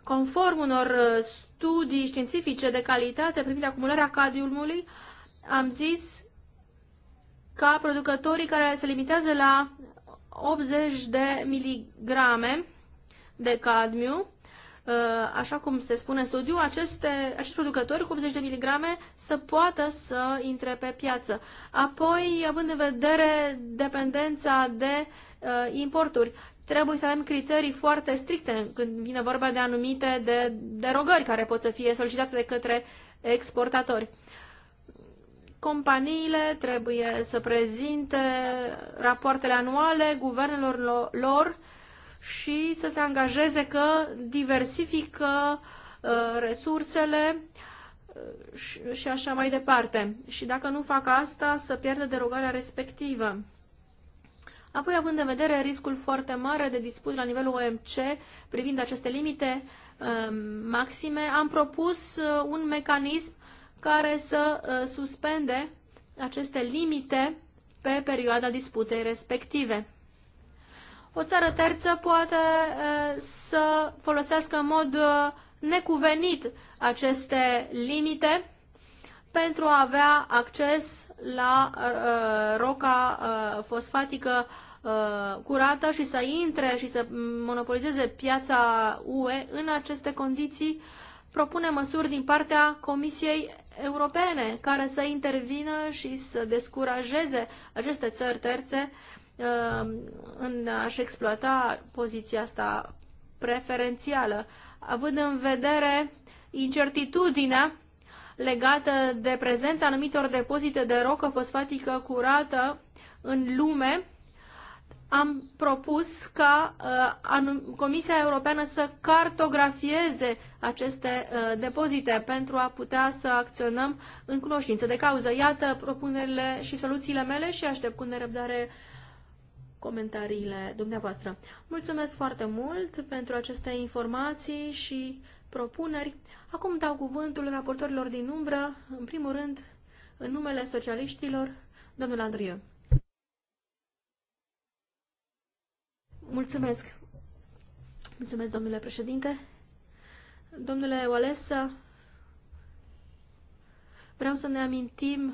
Conform unor uh, studii științifice de calitate privind acumularea cadmiului, am zis ca producătorii care se limitează la 80 de miligrame de cadmiu, uh, așa cum se spune în studiu, aceste, acești producători cu 80 de miligrame să poată să intre pe piață. Apoi, având în vedere dependența de uh, importuri, trebuie să avem criterii foarte stricte când vine vorba de anumite de derogări care pot să fie solicitate de către exportatori. Companiile trebuie să prezinte rapoartele anuale guvernelor lor și să se angajeze că diversifică uh, resursele uh, și, și așa mai departe. Și dacă nu fac asta, să pierdă derogarea respectivă. Apoi, având în vedere riscul foarte mare de disput la nivelul OMC privind aceste limite um, maxime, am propus uh, un mecanism care să uh, suspende aceste limite pe perioada disputei respective. O țară terță poate uh, să folosească în mod necuvenit aceste limite pentru a avea acces la uh, uh, roca uh, fosfatică uh, curată și să intre și să monopolizeze piața UE în aceste condiții propune măsuri din partea Comisiei Europene care să intervină și să descurajeze aceste țări terțe uh, în a-și exploata poziția asta preferențială, având în vedere incertitudinea legată de prezența anumitor depozite de rocă fosfatică curată în lume, am propus ca uh, Comisia Europeană să cartografieze aceste uh, depozite pentru a putea să acționăm în cunoștință de cauză. Iată propunerile și soluțiile mele și aștept cu nerăbdare comentariile dumneavoastră. Mulțumesc foarte mult pentru aceste informații și propuneri. Acum dau cuvântul raportorilor din umbră, în primul rând, în numele socialiștilor, domnul Andrie. Mulțumesc. Mulțumesc, domnule președinte. Domnule Oalesa, vreau să ne amintim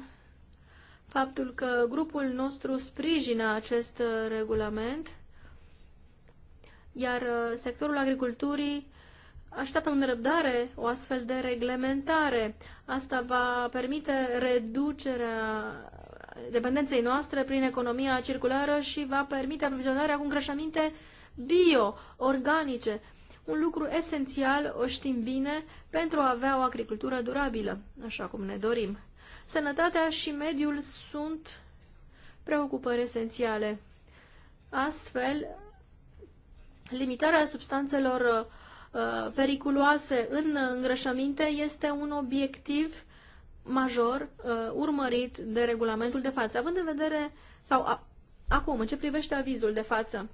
faptul că grupul nostru sprijină acest regulament, iar sectorul agriculturii așteaptă în răbdare o astfel de reglementare. Asta va permite reducerea dependenței noastre prin economia circulară și va permite aprovizionarea cu îngrășăminte bio, organice, un lucru esențial, o știm bine, pentru a avea o agricultură durabilă, așa cum ne dorim. Sănătatea și mediul sunt preocupări esențiale. Astfel, limitarea substanțelor Uh, periculoase în îngrășăminte este un obiectiv major uh, urmărit de regulamentul de față. Având în vedere, sau acum, în ce privește avizul de față,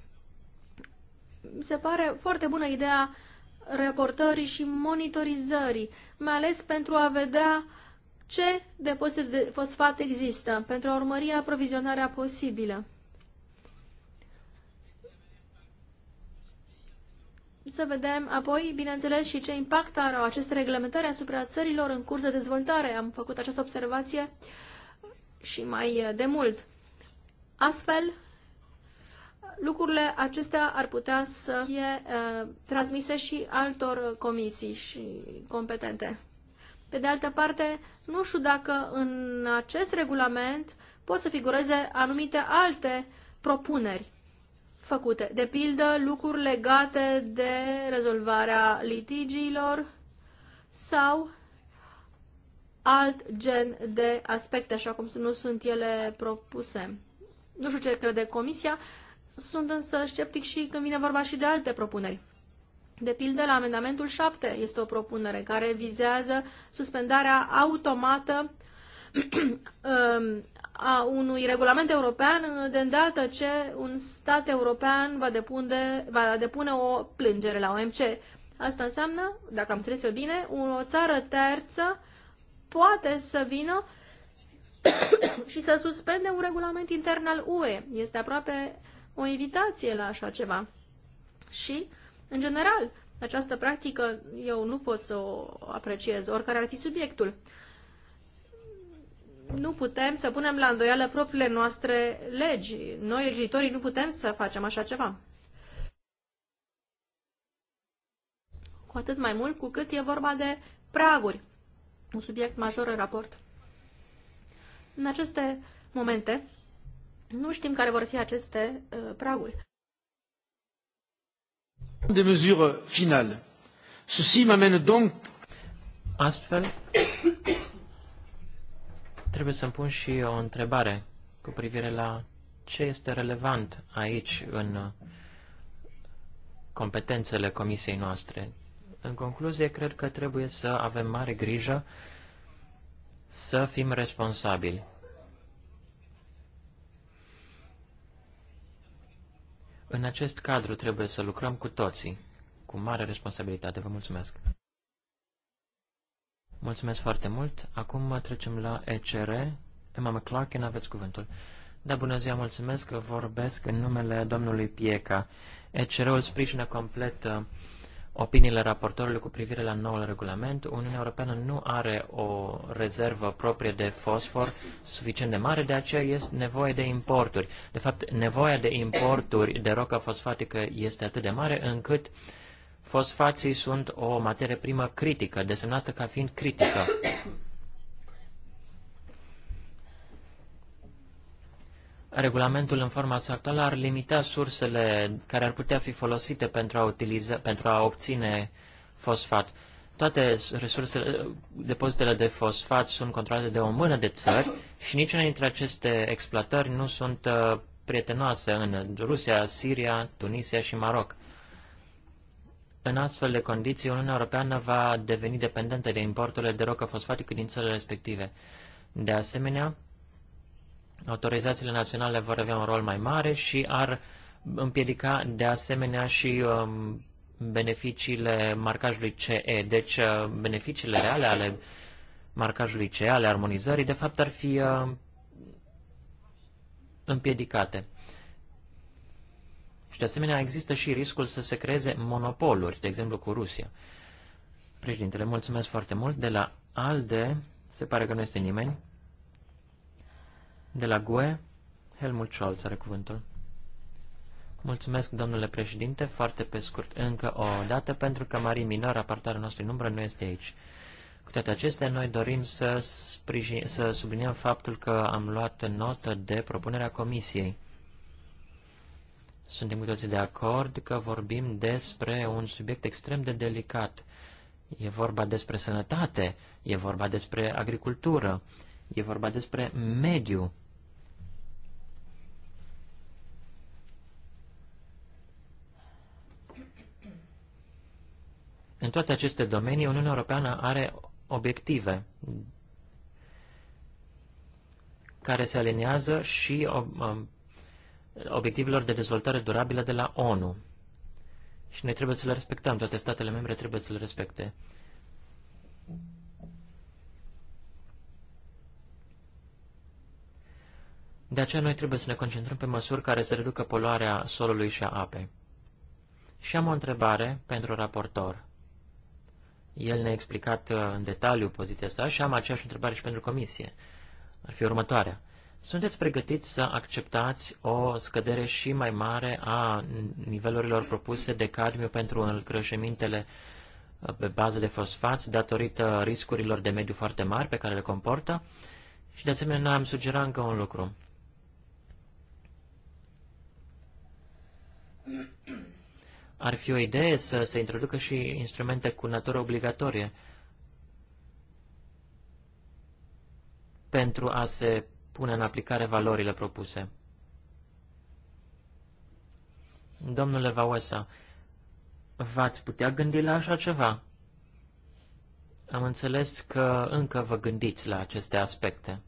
se pare foarte bună ideea reportării și monitorizării, mai ales pentru a vedea ce depozite de fosfat există, pentru a urmări aprovizionarea posibilă. să vedem apoi, bineînțeles, și ce impact au aceste reglementări asupra țărilor în curs de dezvoltare. Am făcut această observație și mai eh, de mult. Astfel, lucrurile acestea ar putea să fie uh, transmise și altor comisii și competente. Pe de altă parte, nu știu dacă în acest regulament pot să figureze anumite alte propuneri făcute. De pildă, lucruri legate de rezolvarea litigiilor sau alt gen de aspecte, așa cum nu sunt ele propuse. Nu știu ce crede Comisia, sunt însă sceptic și când vine vorba și de alte propuneri. De pildă, la amendamentul 7 este o propunere care vizează suspendarea automată <clears throat> um, a unui regulament european de îndată ce un stat european va, depune, va depune o plângere la OMC. Asta înseamnă, dacă am înțeles eu bine, o țară terță poate să vină <coughs> și să suspende un regulament intern al UE. Este aproape o invitație la așa ceva. Și, în general, această practică eu nu pot să o apreciez, oricare ar fi subiectul nu putem să punem la îndoială propriile noastre legi. Noi, legitorii, nu putem să facem așa ceva. Cu atât mai mult cu cât e vorba de praguri, un subiect major în raport. În aceste momente, nu știm care vor fi aceste uh, praguri. De măsură finale. Ceci m'amène donc... Astfel, Trebuie să-mi pun și o întrebare cu privire la ce este relevant aici în competențele comisiei noastre. În concluzie, cred că trebuie să avem mare grijă să fim responsabili. În acest cadru trebuie să lucrăm cu toții, cu mare responsabilitate. Vă mulțumesc! Mulțumesc foarte mult. Acum trecem la ECR. Emma McClarkin, aveți cuvântul. Da, bună ziua, mulțumesc că vorbesc în numele domnului Pieca. ECR-ul sprijină complet uh, opiniile raportorului cu privire la noul regulament. Uniunea Europeană nu are o rezervă proprie de fosfor suficient de mare, de aceea este nevoie de importuri. De fapt, nevoia de importuri de roca fosfatică este atât de mare încât uh, Fosfații sunt o materie primă critică, desemnată ca fiind critică. Regulamentul în forma sa actuală ar limita sursele care ar putea fi folosite pentru a, utiliza, pentru a obține fosfat. Toate resursele, depozitele de fosfat sunt controlate de o mână de țări și niciuna dintre aceste exploatări nu sunt uh, prietenoase în Rusia, Siria, Tunisia și Maroc. În astfel de condiții, Uniunea Europeană va deveni dependentă de importurile de rocă fosfatică din țările respective. De asemenea, autorizațiile naționale vor avea un rol mai mare și ar împiedica de asemenea și um, beneficiile marcajului CE. Deci, uh, beneficiile reale ale marcajului CE, ale armonizării, de fapt, ar fi uh, împiedicate. Și de asemenea există și riscul să se creeze monopoluri, de exemplu cu Rusia. Președintele, mulțumesc foarte mult. De la ALDE, se pare că nu este nimeni. De la GUE, Helmut Scholz are cuvântul. Mulțumesc, domnule președinte, foarte pe scurt încă o dată, pentru că Marie Minor, apartarea noastră în umbră, nu este aici. Cu toate acestea, noi dorim să, sprijin, să subliniem faptul că am luat notă de propunerea comisiei. Suntem cu toții de acord că vorbim despre un subiect extrem de delicat. E vorba despre sănătate, e vorba despre agricultură, e vorba despre mediu. În toate aceste domenii, Uniunea Europeană are obiective care se alinează și um, um, obiectivelor de dezvoltare durabilă de la ONU. Și noi trebuie să le respectăm, toate statele membre trebuie să le respecte. De aceea noi trebuie să ne concentrăm pe măsuri care să reducă poluarea solului și a apei. Și am o întrebare pentru raportor. El ne-a explicat uh, în detaliu poziția sa și am aceeași întrebare și pentru comisie. Ar fi următoarea. Sunteți pregătiți să acceptați o scădere și mai mare a nivelurilor propuse de cadmiu pentru încrășămintele uh, pe bază de fosfați datorită riscurilor de mediu foarte mari pe care le comportă? Și de asemenea, noi am sugerat încă un lucru. Ar fi o idee să se introducă și instrumente cu natură obligatorie pentru a se pune în aplicare valorile propuse. Domnule Vauesa, v-ați putea gândi la așa ceva? Am înțeles că încă vă gândiți la aceste aspecte.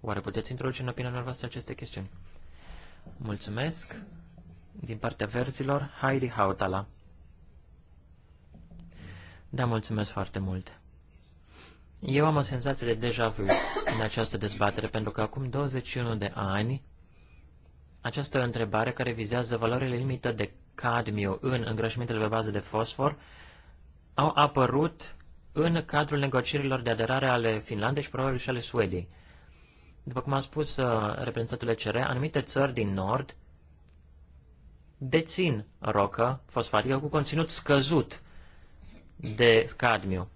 Oare puteți introduce în opinia noastră aceste chestiuni? Mulțumesc. Din partea verzilor, Heidi Hautala. Da, mulțumesc foarte mult. Eu am o senzație de deja vu în această dezbatere, pentru că acum 21 de ani, această întrebare care vizează valorile limită de cadmiu în îngrășămintele pe bază de fosfor au apărut în cadrul negocierilor de aderare ale Finlandei și probabil și ale Suediei. După cum a spus uh, reprezentantul ECR, anumite țări din nord dețin rocă fosfatică cu conținut scăzut de cadmiu,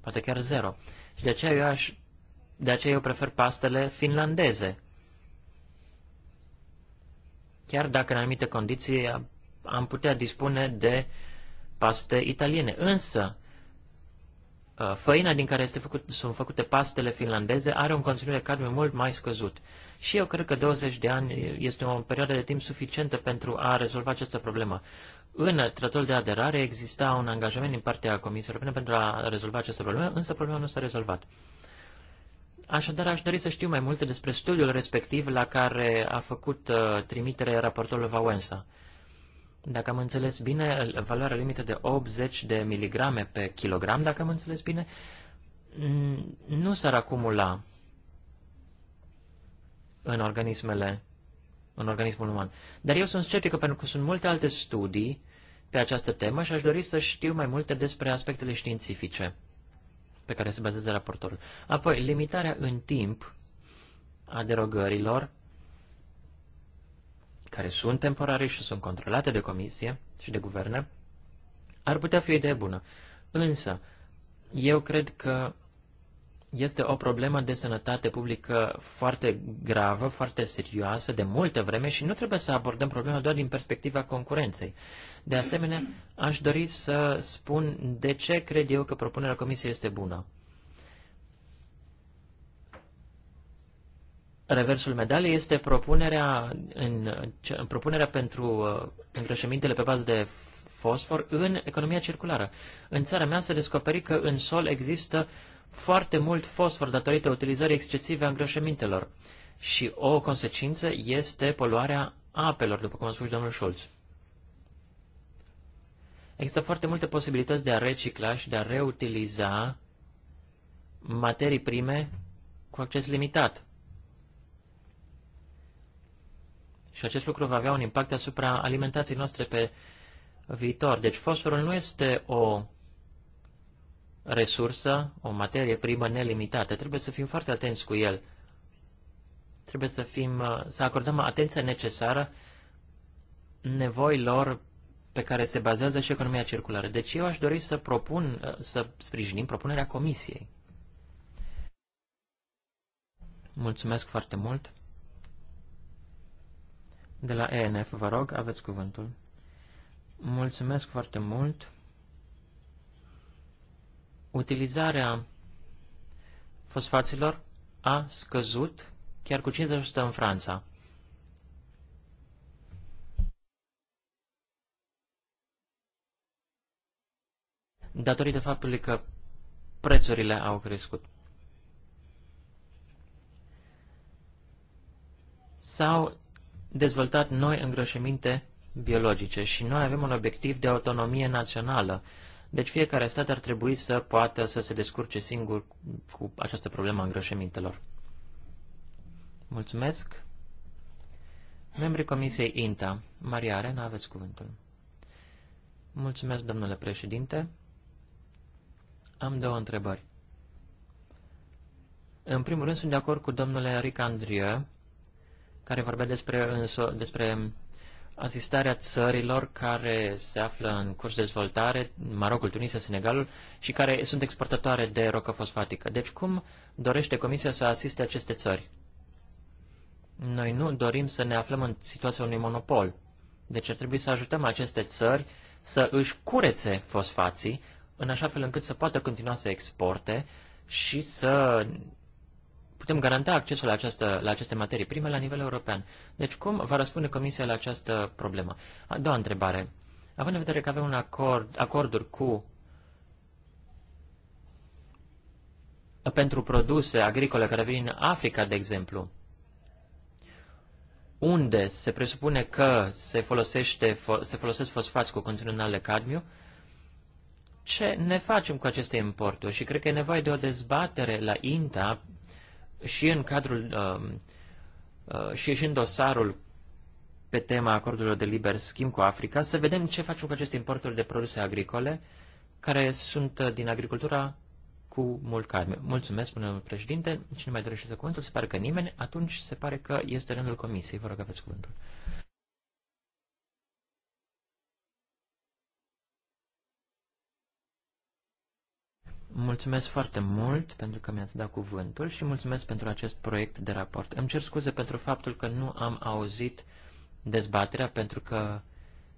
poate chiar zero. Și de aceea eu, aș, de aceea eu prefer pastele finlandeze. Chiar dacă în anumite condiții am putea dispune de paste italiene. Însă, uh, făina din care este făcut, sunt făcute pastele finlandeze are un conținut de cadmiu mult mai scăzut. Și eu cred că 20 de ani este o perioadă de timp suficientă pentru a rezolva această problemă. În tratatul de aderare exista un angajament din partea Comisiei Europene pentru a rezolva această problemă, însă problema nu s-a rezolvat. Așadar, aș dori să știu mai multe despre studiul respectiv la care a făcut uh, trimitere raportorul Vauensa. Dacă am înțeles bine, valoarea limită de 80 de miligrame pe kilogram, dacă am înțeles bine, nu s-ar acumula în organismele în organismul uman. Dar eu sunt sceptică pentru că sunt multe alte studii pe această temă și aș dori să știu mai multe despre aspectele științifice pe care se bazează raportorul. Apoi, limitarea în timp a derogărilor care sunt temporare și sunt controlate de comisie și de guverne, ar putea fi o idee bună. Însă, eu cred că este o problemă de sănătate publică foarte gravă, foarte serioasă, de multă vreme și nu trebuie să abordăm problema doar din perspectiva concurenței. De asemenea, aș dori să spun de ce cred eu că propunerea Comisiei este bună. Reversul medalei este propunerea, în, în propunerea pentru uh, îngrășămintele pe bază de fosfor în economia circulară. În țara mea s-a descoperit că în sol există uh, foarte mult fosfor datorită utilizării excesive a îngrășămintelor. Și o consecință este poluarea apelor, după cum a spus domnul Schulz. Există foarte multe posibilități de a recicla și de a reutiliza materii prime cu acces limitat. Și acest lucru va avea un impact asupra alimentației noastre pe viitor. Deci fosforul nu este o resursă, o materie primă nelimitată. Trebuie să fim foarte atenți cu el. Trebuie să, fim, uh, să acordăm atenția necesară nevoilor pe care se bazează și economia circulară. Deci eu aș dori să propun, uh, să sprijinim propunerea comisiei. Mulțumesc foarte mult. De la ENF, vă rog, aveți cuvântul. Mulțumesc foarte mult utilizarea fosfaților a scăzut chiar cu 50% în Franța. datorită faptului că prețurile au crescut. S-au dezvoltat noi îngrășăminte biologice și noi avem un obiectiv de autonomie națională deci fiecare stat ar trebui să poată să se descurce singur cu această problemă a îngrășămintelor. Mulțumesc. Membrii Comisiei INTA, Maria Arena, aveți cuvântul. Mulțumesc, domnule președinte. Am două întrebări. În primul rând, sunt de acord cu domnul Eric Andrieu, care vorbea despre, despre asistarea țărilor care se află în curs de dezvoltare, Marocul, Tunisia, Senegalul, și care sunt exportatoare de rocă fosfatică. Deci cum dorește Comisia să asiste aceste țări? Noi nu dorim să ne aflăm în situația unui monopol. Deci ar trebui să ajutăm aceste țări să își curețe fosfații, în așa fel încât să poată continua să exporte și să putem garanta accesul la, această, la aceste materii prime la nivel european. Deci cum va răspunde Comisia la această problemă? A doua întrebare. Având în vedere că avem un acord, acorduri cu pentru produse agricole care vin în Africa, de exemplu, unde se presupune că se, folosește, se folosesc fosfați cu conținut înalt de cadmiu, ce ne facem cu aceste importuri? Și cred că e nevoie de o dezbatere la INTA și în cadrul uh, uh, și, și în dosarul pe tema acordurilor de liber schimb cu Africa, să vedem ce facem cu aceste importuri de produse agricole care sunt uh, din agricultura cu mult carme. Mulțumesc, până președinte. Cine mai dorește să cuvântul? Se pare că nimeni. Atunci se pare că este rândul comisiei. Vă rog, aveți cuvântul. Mulțumesc foarte mult pentru că mi-ați dat cuvântul și mulțumesc pentru acest proiect de raport. Îmi cer scuze pentru faptul că nu am auzit dezbaterea, pentru că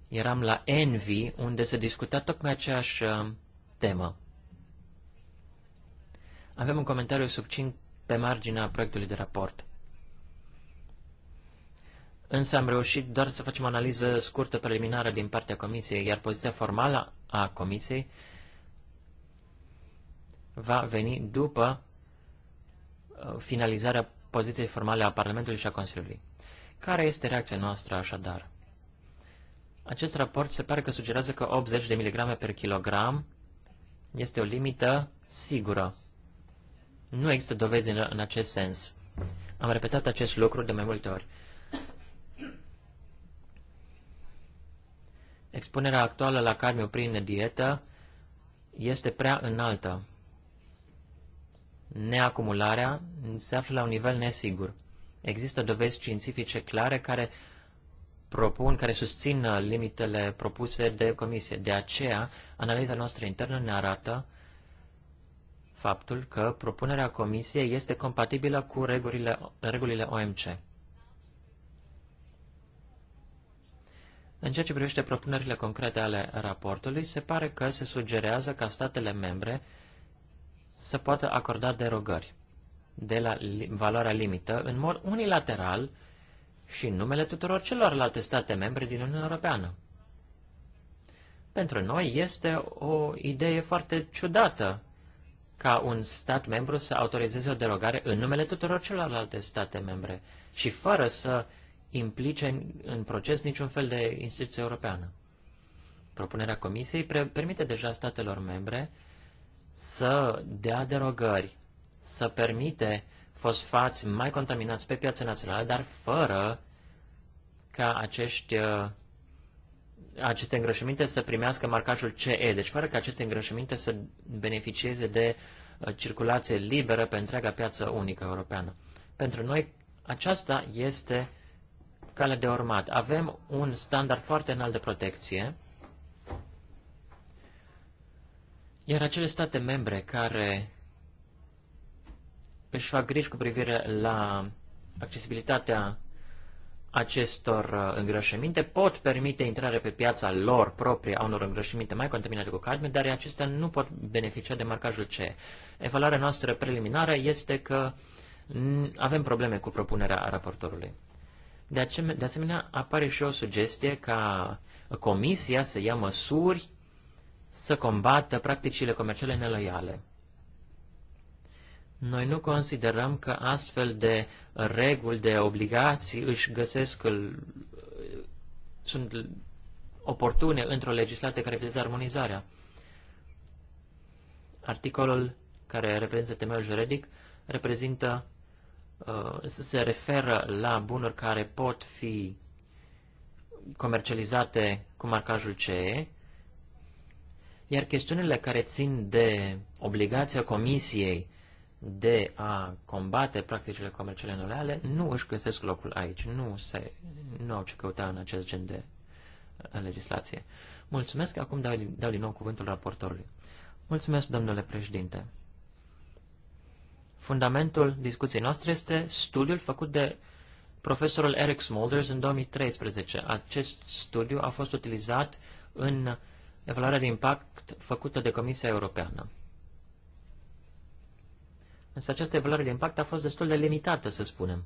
eram la Envy, unde se discuta tocmai aceeași uh, temă. Avem un comentariu succint pe marginea proiectului de raport. Însă am reușit doar să facem o analiză scurtă preliminară din partea comisiei, iar poziția formală a comisiei va veni după uh, finalizarea poziției formale a Parlamentului și a Consiliului. Care este reacția noastră așadar? Acest raport se pare că sugerează că 80 de miligrame per kilogram este o limită sigură. Nu există dovezi în, în acest sens. Am repetat acest lucru de mai multe ori. Expunerea actuală la cadmiu prin dietă este prea înaltă neacumularea se află la un nivel nesigur. Există dovezi științifice clare care propun, care susțin limitele propuse de comisie. De aceea, analiza noastră internă ne arată faptul că propunerea comisiei este compatibilă cu regulile, regulile OMC. În ceea ce privește propunerile concrete ale raportului, se pare că se sugerează ca statele membre să poată acorda derogări de la valoarea limită în mod unilateral și în numele tuturor celorlalte state membre din Uniunea Europeană. Pentru noi este o idee foarte ciudată ca un stat membru să autorizeze o derogare în numele tuturor celorlalte state membre și fără să implice în, în proces niciun fel de instituție europeană. Propunerea Comisiei permite deja statelor membre să dea derogări, să permite fosfați mai contaminați pe piața națională, dar fără ca acești, uh, aceste îngrășăminte să primească marcajul CE, deci fără ca aceste îngrășăminte să beneficieze de uh, circulație liberă pe întreaga piață unică europeană. Pentru noi, aceasta este calea de urmat. Avem un standard foarte înalt de protecție, Iar acele state membre care își fac griji cu privire la accesibilitatea acestor uh, îngrășăminte pot permite intrarea pe piața lor proprie a unor îngrășăminte mai contaminate cu cadmiu, dar acestea nu pot beneficia de marcajul CE. Evaluarea noastră preliminară este că avem probleme cu propunerea raportorului. De, asemenea, apare și o sugestie ca comisia să ia măsuri să combată practicile comerciale neloiale. Noi nu considerăm că astfel de reguli, de obligații își găsesc, sunt oportune într-o legislație care vizează armonizarea. Articolul care reprezintă temeiul juridic reprezintă, uh, se referă la bunuri care pot fi comercializate cu marcajul CE iar chestiunile care țin de obligația Comisiei de a combate practicile comerciale neloiale nu își găsesc locul aici, nu, se, nu au ce căuta în acest gen de uh, legislație. Mulțumesc, acum dau, dau din nou cuvântul raportorului. Mulțumesc, domnule președinte. Fundamentul discuției noastre este studiul făcut de profesorul Eric Smulders în 2013. Acest studiu a fost utilizat în evaluarea de impact făcută de Comisia Europeană. Însă această evaluare de impact a fost destul de limitată, să spunem.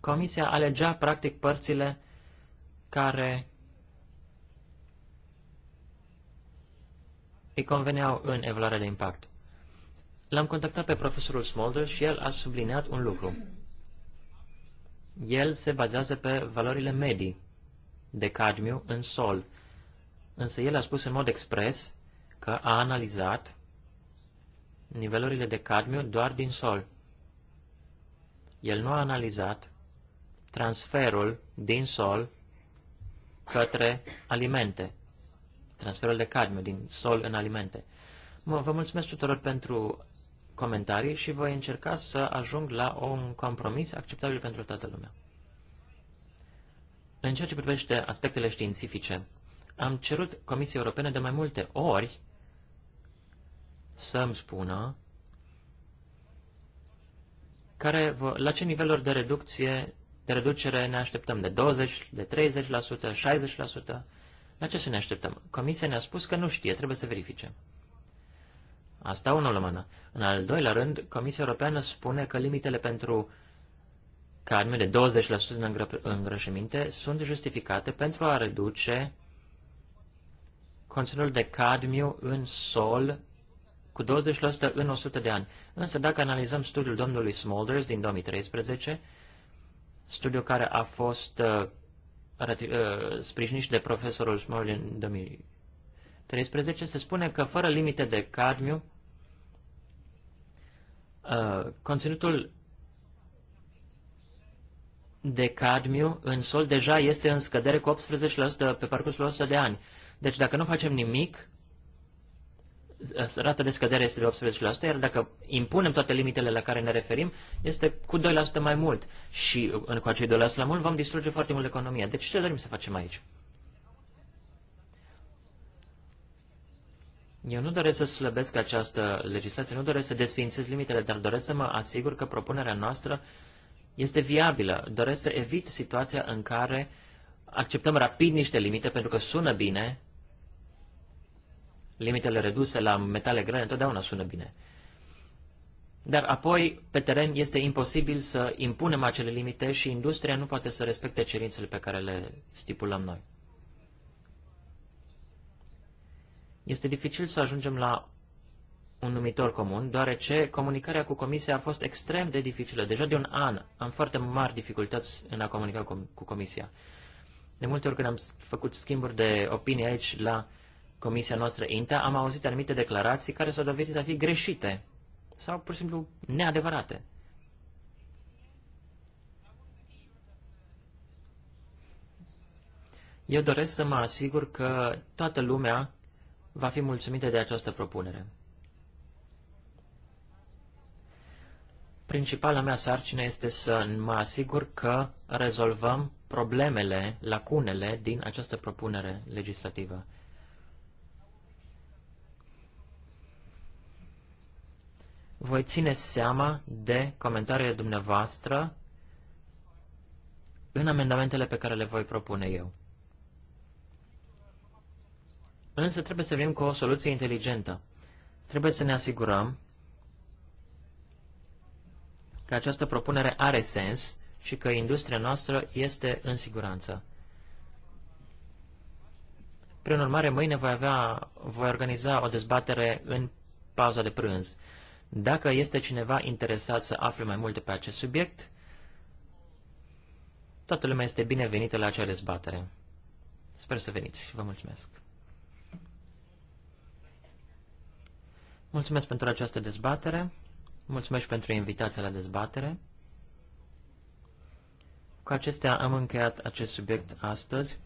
Comisia alegea, practic, părțile care îi conveneau în evaluarea de impact. L-am contactat pe profesorul Smolder și el a subliniat un lucru. El se bazează pe valorile medii de cadmiu în sol Însă el a spus în mod expres că a analizat nivelurile de cadmiu doar din sol. El nu a analizat transferul din sol către alimente, transferul de cadmiu din sol în alimente. Vă mulțumesc tuturor pentru comentarii și voi încerca să ajung la un compromis acceptabil pentru toată lumea. În ceea ce privește aspectele științifice, am cerut Comisiei Europene de mai multe ori să-mi spună care, la ce niveluri de reducție, de reducere ne așteptăm, de 20, de 30%, 60%, la ce să ne așteptăm? Comisia ne-a spus că nu știe, trebuie să verifice. Asta unul la mână. În al doilea rând, Comisia Europeană spune că limitele pentru cadmiu de 20% în îngrășăminte sunt justificate pentru a reduce conținutul de cadmiu în sol cu 20% în 100 de ani. Însă dacă analizăm studiul domnului Smulders din 2013, studiu care a fost uh, uh, sprijinit de profesorul Smulders din 2013, se spune că fără limite de cadmiu, uh, conținutul de cadmiu în sol deja este în scădere cu 18% pe parcursul 100 de ani. Deci dacă nu facem nimic, rata de scădere este de 18%, iar dacă impunem toate limitele la care ne referim, este cu 2% mai mult. Și cu acei 2% la mult vom distruge foarte mult economia. Deci ce dorim să facem aici? Eu nu doresc să slăbesc această legislație, nu doresc să desfințez limitele, dar doresc să mă asigur că propunerea noastră este viabilă. Doresc să evit situația în care acceptăm rapid niște limite pentru că sună bine, limitele reduse la metale grele întotdeauna sună bine. Dar apoi, pe teren, este imposibil să impunem acele limite și industria nu poate să respecte cerințele pe care le stipulăm noi. Este dificil să ajungem la un numitor comun, deoarece comunicarea cu Comisia a fost extrem de dificilă. Deja de un an am foarte mari dificultăți în a comunica cu Comisia. De multe ori când am făcut schimburi de opinie aici la comisia noastră INTA, am auzit anumite declarații care s-au dovedit a fi greșite sau pur și simplu neadevărate. Eu doresc să mă asigur că toată lumea va fi mulțumită de această propunere. Principala mea sarcină este să mă asigur că rezolvăm problemele, lacunele din această propunere legislativă. voi ține seama de comentariile dumneavoastră în amendamentele pe care le voi propune eu. Însă trebuie să venim cu o soluție inteligentă. Trebuie să ne asigurăm că această propunere are sens și că industria noastră este în siguranță. Prin urmare, mâine voi, avea, voi organiza o dezbatere în pauza de prânz. Dacă este cineva interesat să afle mai multe pe acest subiect, toată lumea este binevenită la acea dezbatere. Sper să veniți și vă mulțumesc. Mulțumesc pentru această dezbatere. Mulțumesc pentru invitația la dezbatere. Cu acestea am încheiat acest subiect astăzi.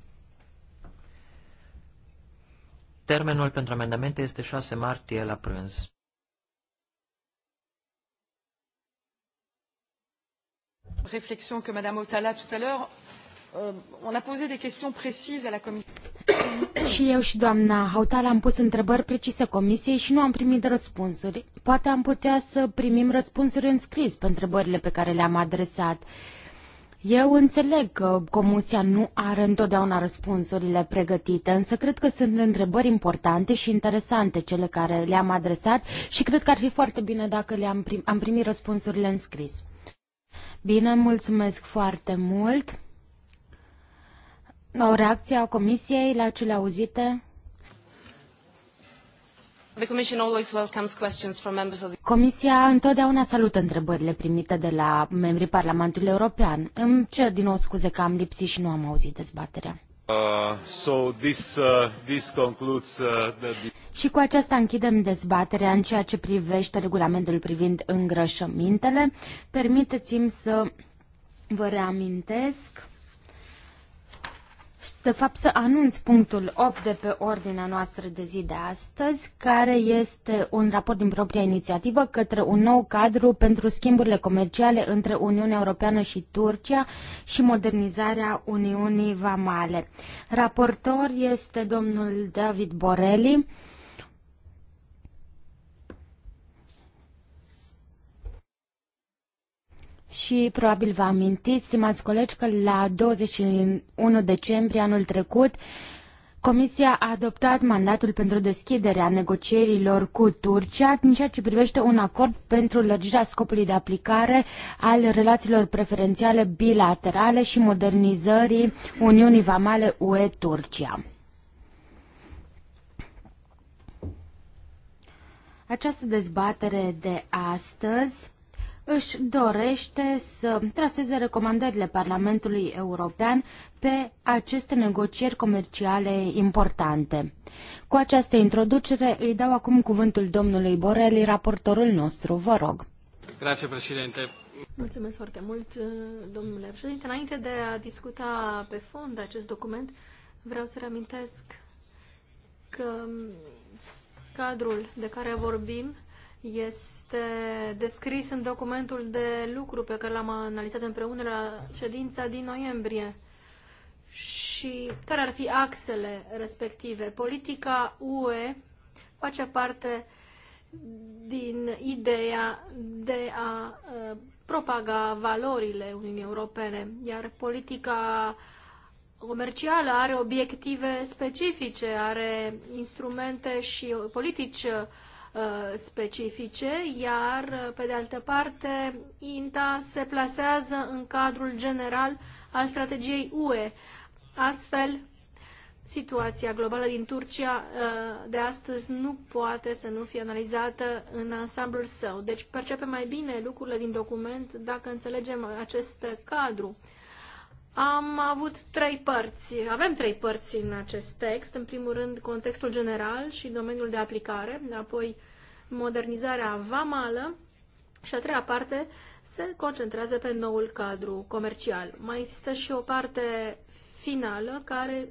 Termenul pentru amendamente este 6 martie la prânz. Réflexion que mme hautala tout à l'heure, euh, on a posé des questions précises à la commission și eu și doamna Hautala am pus întrebări precise comisiei și nu am primit răspunsuri. Poate am putea să primim răspunsuri în scris pe întrebările pe care le-am adresat. Eu înțeleg că comisia nu are întotdeauna răspunsurile pregătite, însă cred că sunt întrebări importante și interesante cele care le-am adresat și cred că ar fi foarte bine dacă le-am primi am primit răspunsurile în scris. Bine, mulțumesc foarte mult. O reacție a Comisiei la cele auzite? Comisia întotdeauna salută întrebările primite de la membrii Parlamentului European. Îmi cer din nou scuze că am lipsit și nu am auzit dezbaterea. Uh, so this, uh, this concludes, uh, the... Și cu aceasta închidem dezbaterea în ceea ce privește regulamentul privind îngrășămintele. Permiteți-mi să vă reamintesc de fapt să anunț punctul 8 de pe ordinea noastră de zi de astăzi, care este un raport din propria inițiativă către un nou cadru pentru schimburile comerciale între Uniunea Europeană și Turcia și modernizarea Uniunii Vamale. Raportor este domnul David Borelli. Și probabil vă amintiți, stimați colegi, că la 21 decembrie anul trecut Comisia a adoptat mandatul pentru deschiderea negocierilor cu Turcia în ceea ce privește un acord pentru lărgirea scopului de aplicare al relațiilor preferențiale bilaterale și modernizării Uniunii Vamale UE-Turcia. Această dezbatere de astăzi își dorește să traseze recomandările Parlamentului European pe aceste negocieri comerciale importante. Cu această introducere îi dau acum cuvântul domnului Borelli, raportorul nostru. Vă rog. Grazie, președinte. Mulțumesc foarte mult, domnule președinte. Înainte de a discuta pe fond acest document, vreau să reamintesc că mm, cadrul de care vorbim este descris în documentul de lucru pe care l-am analizat împreună la ședința din noiembrie. Și care ar fi axele respective? Politica UE face parte din ideea de a uh, propaga valorile Uniunii Europene, iar politica comercială are obiective specifice, are instrumente și politici uh, Uh, specifice, iar uh, pe de altă parte INTA se plasează în cadrul general al strategiei UE. Astfel, situația globală din Turcia uh, de astăzi nu poate să nu fie analizată în ansamblul său. Deci percepem mai bine lucrurile din document dacă înțelegem acest cadru. Am avut trei părți, avem trei părți în acest text. În primul rând, contextul general și domeniul de aplicare, apoi modernizarea vamală și a treia parte se concentrează pe noul cadru comercial. Mai există și o parte finală care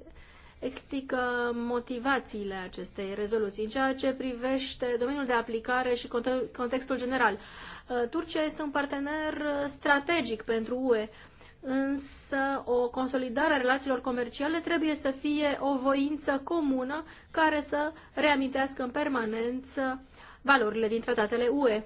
explică motivațiile acestei rezoluții în ceea ce privește domeniul de aplicare și contextul general. Uh, Turcia este un partener uh, strategic pentru UE însă o consolidare a relațiilor comerciale trebuie să fie o voință comună care să reamintească în permanență valorile din tratatele UE.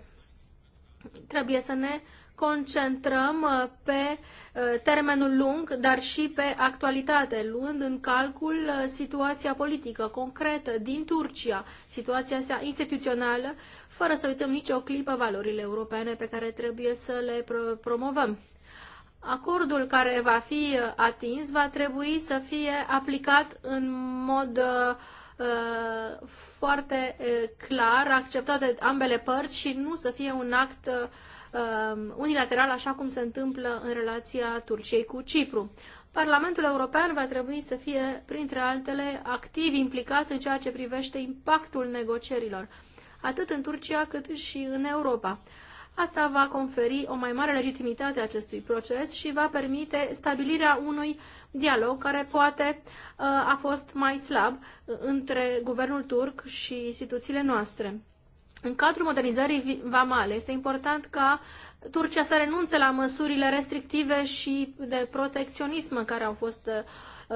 Trebuie să ne concentrăm uh, pe uh, termenul lung, dar și pe actualitate, luând în calcul uh, situația politică concretă din Turcia, situația sa instituțională, fără să uităm nicio clipă valorile europene pe care trebuie să le promovăm. Acordul care va fi uh, atins va trebui să fie aplicat în mod uh, uh, foarte clar, acceptat de ambele părți și nu să fie un act um, unilateral, așa cum se întâmplă în relația Turciei cu Cipru. Parlamentul European va trebui să fie, printre altele, activ implicat în ceea ce privește impactul negocierilor, atât în Turcia cât și în Europa. Asta va conferi o mai mare legitimitate acestui proces și va permite stabilirea unui dialog care poate uh, a fost mai slab uh, între guvernul turc și instituțiile noastre. În cadrul modernizării vamale este important ca Turcia să renunțe la măsurile restrictive și de protecționism care au fost uh,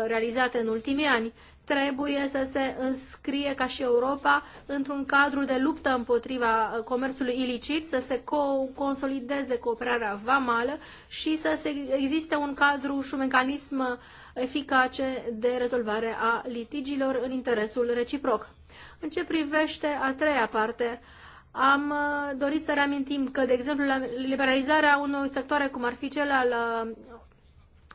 realizate în ultimii ani trebuie să se înscrie ca și Europa într-un cadru de luptă împotriva comerțului ilicit, să se co- consolideze cooperarea vamală și să se, existe un cadru și un mecanism eficace de rezolvare a litigilor în interesul reciproc. În ce privește a treia parte, am uh, dorit să reamintim că, de exemplu, liberalizarea unor sectoare, cum ar fi cel al uh,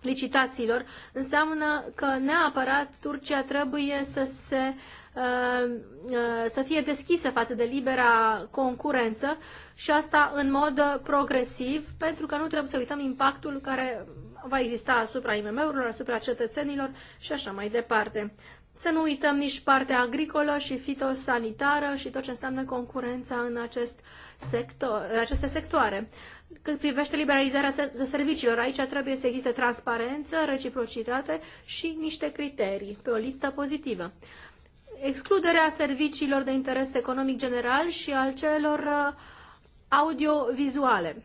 licitațiilor, înseamnă că neapărat Turcia trebuie să se uh, uh, să fie deschisă față de libera concurență și asta în mod progresiv, pentru că nu trebuie să uităm impactul care va exista asupra IMM-urilor, asupra cetățenilor și așa mai departe. Să nu uităm nici partea agricolă și fitosanitară și tot ce înseamnă concurența în acest sector, în aceste sectoare. Cât privește liberalizarea serviciilor, aici trebuie să existe transparență, reciprocitate și niște criterii pe o listă pozitivă. Excluderea serviciilor de interes economic general și al celor uh, audiovizuale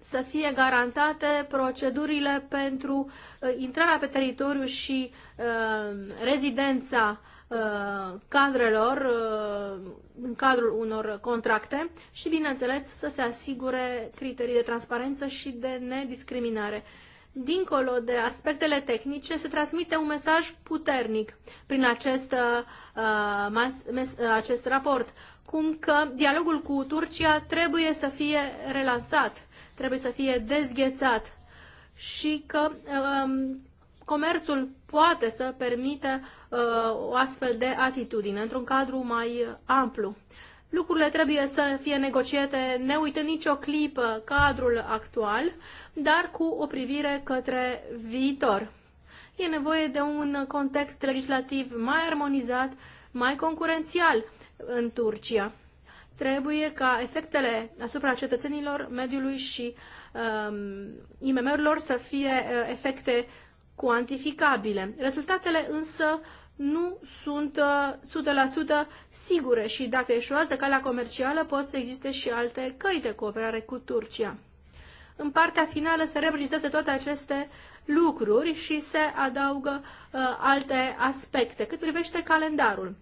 să fie garantate procedurile pentru uh, intrarea pe teritoriu și uh, rezidența uh, Uh, cadrelor uh, în cadrul unor contracte și, bineînțeles, să se asigure criterii de transparență și de nediscriminare. Dincolo de aspectele tehnice, se transmite un mesaj puternic prin acest, uh, acest raport, cum că dialogul cu Turcia trebuie să fie relansat, trebuie să fie dezghețat și că um, comerțul poate să permită uh, o astfel de atitudine într-un cadru mai amplu. Lucrurile trebuie să fie negociate, ne uitând nicio clipă cadrul actual, dar cu o privire către viitor. E nevoie de un context legislativ mai armonizat, mai concurențial în Turcia. Trebuie ca efectele asupra cetățenilor, mediului și um, IMM-urilor să fie uh, efecte uh, cuantificabile. Rezultatele însă nu sunt 100% uh, sigure și dacă eșuează calea comercială pot să existe și alte căi de cooperare cu Turcia. În partea finală se reprezintă toate aceste lucruri și se adaugă uh, alte aspecte. Cât privește calendarul,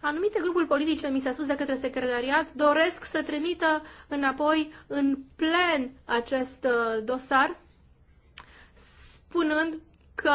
anumite grupuri politice, mi s-a spus de către secretariat, doresc să trimită înapoi în plen acest uh, dosar, spunând că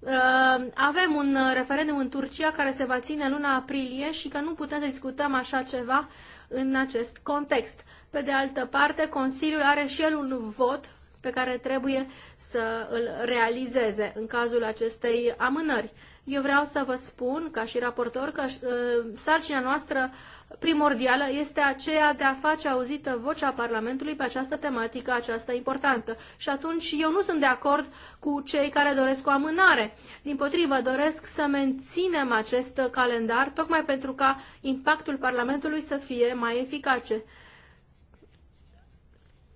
uh, avem un uh, referendum în Turcia care se va ține în luna aprilie și că nu putem să discutăm așa ceva în acest context. Pe de altă parte, Consiliul are și el un vot pe care trebuie să îl realizeze în cazul acestei amânări. Eu vreau să vă spun, ca și raportor, că uh, sarcina noastră primordială este aceea de a face auzită vocea Parlamentului pe această tematică, aceasta importantă. Și atunci eu nu sunt de acord cu cei care doresc o amânare. Din potrivă, doresc să menținem acest calendar, tocmai pentru ca impactul Parlamentului să fie mai eficace.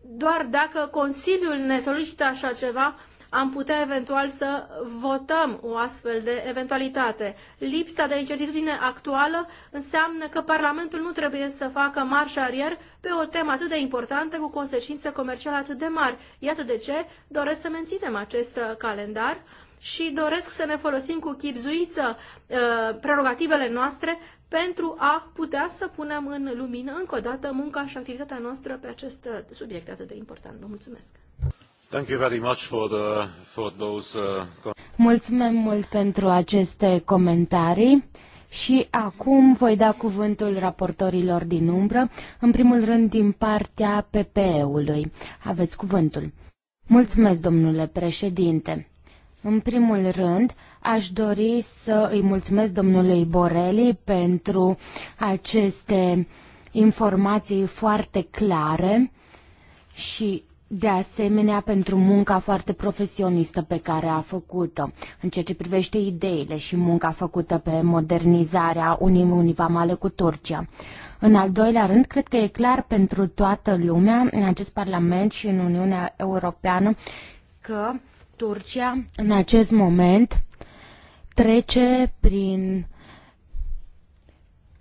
Doar dacă Consiliul ne solicită așa ceva, am putea eventual să votăm o astfel de eventualitate. Lipsa de incertitudine actuală înseamnă că Parlamentul nu trebuie să facă marș arier pe o temă atât de importantă cu consecințe comerciale atât de mari. Iată de ce doresc să menținem acest uh, calendar și doresc să ne folosim cu chipzuiță uh, prerogativele noastre pentru a putea să punem în lumină încă o dată munca și activitatea noastră pe acest uh, subiect atât de important. Vă mulțumesc! Thank you very much for the, for those, uh... Mulțumim mult pentru aceste comentarii. Și acum voi da cuvântul raportorilor din umbră, în primul rând din partea PPE-ului. Aveți cuvântul. Mulțumesc, domnule președinte. În primul rând, aș dori să îi mulțumesc domnului Borelli pentru aceste informații foarte clare și de asemenea pentru munca foarte profesionistă pe care a făcut-o, în ceea ce privește ideile și munca făcută pe modernizarea Uniunii Vamale cu Turcia. În al doilea rând, cred că e clar pentru toată lumea, în acest Parlament și în Uniunea Europeană, că Turcia, în acest moment, trece prin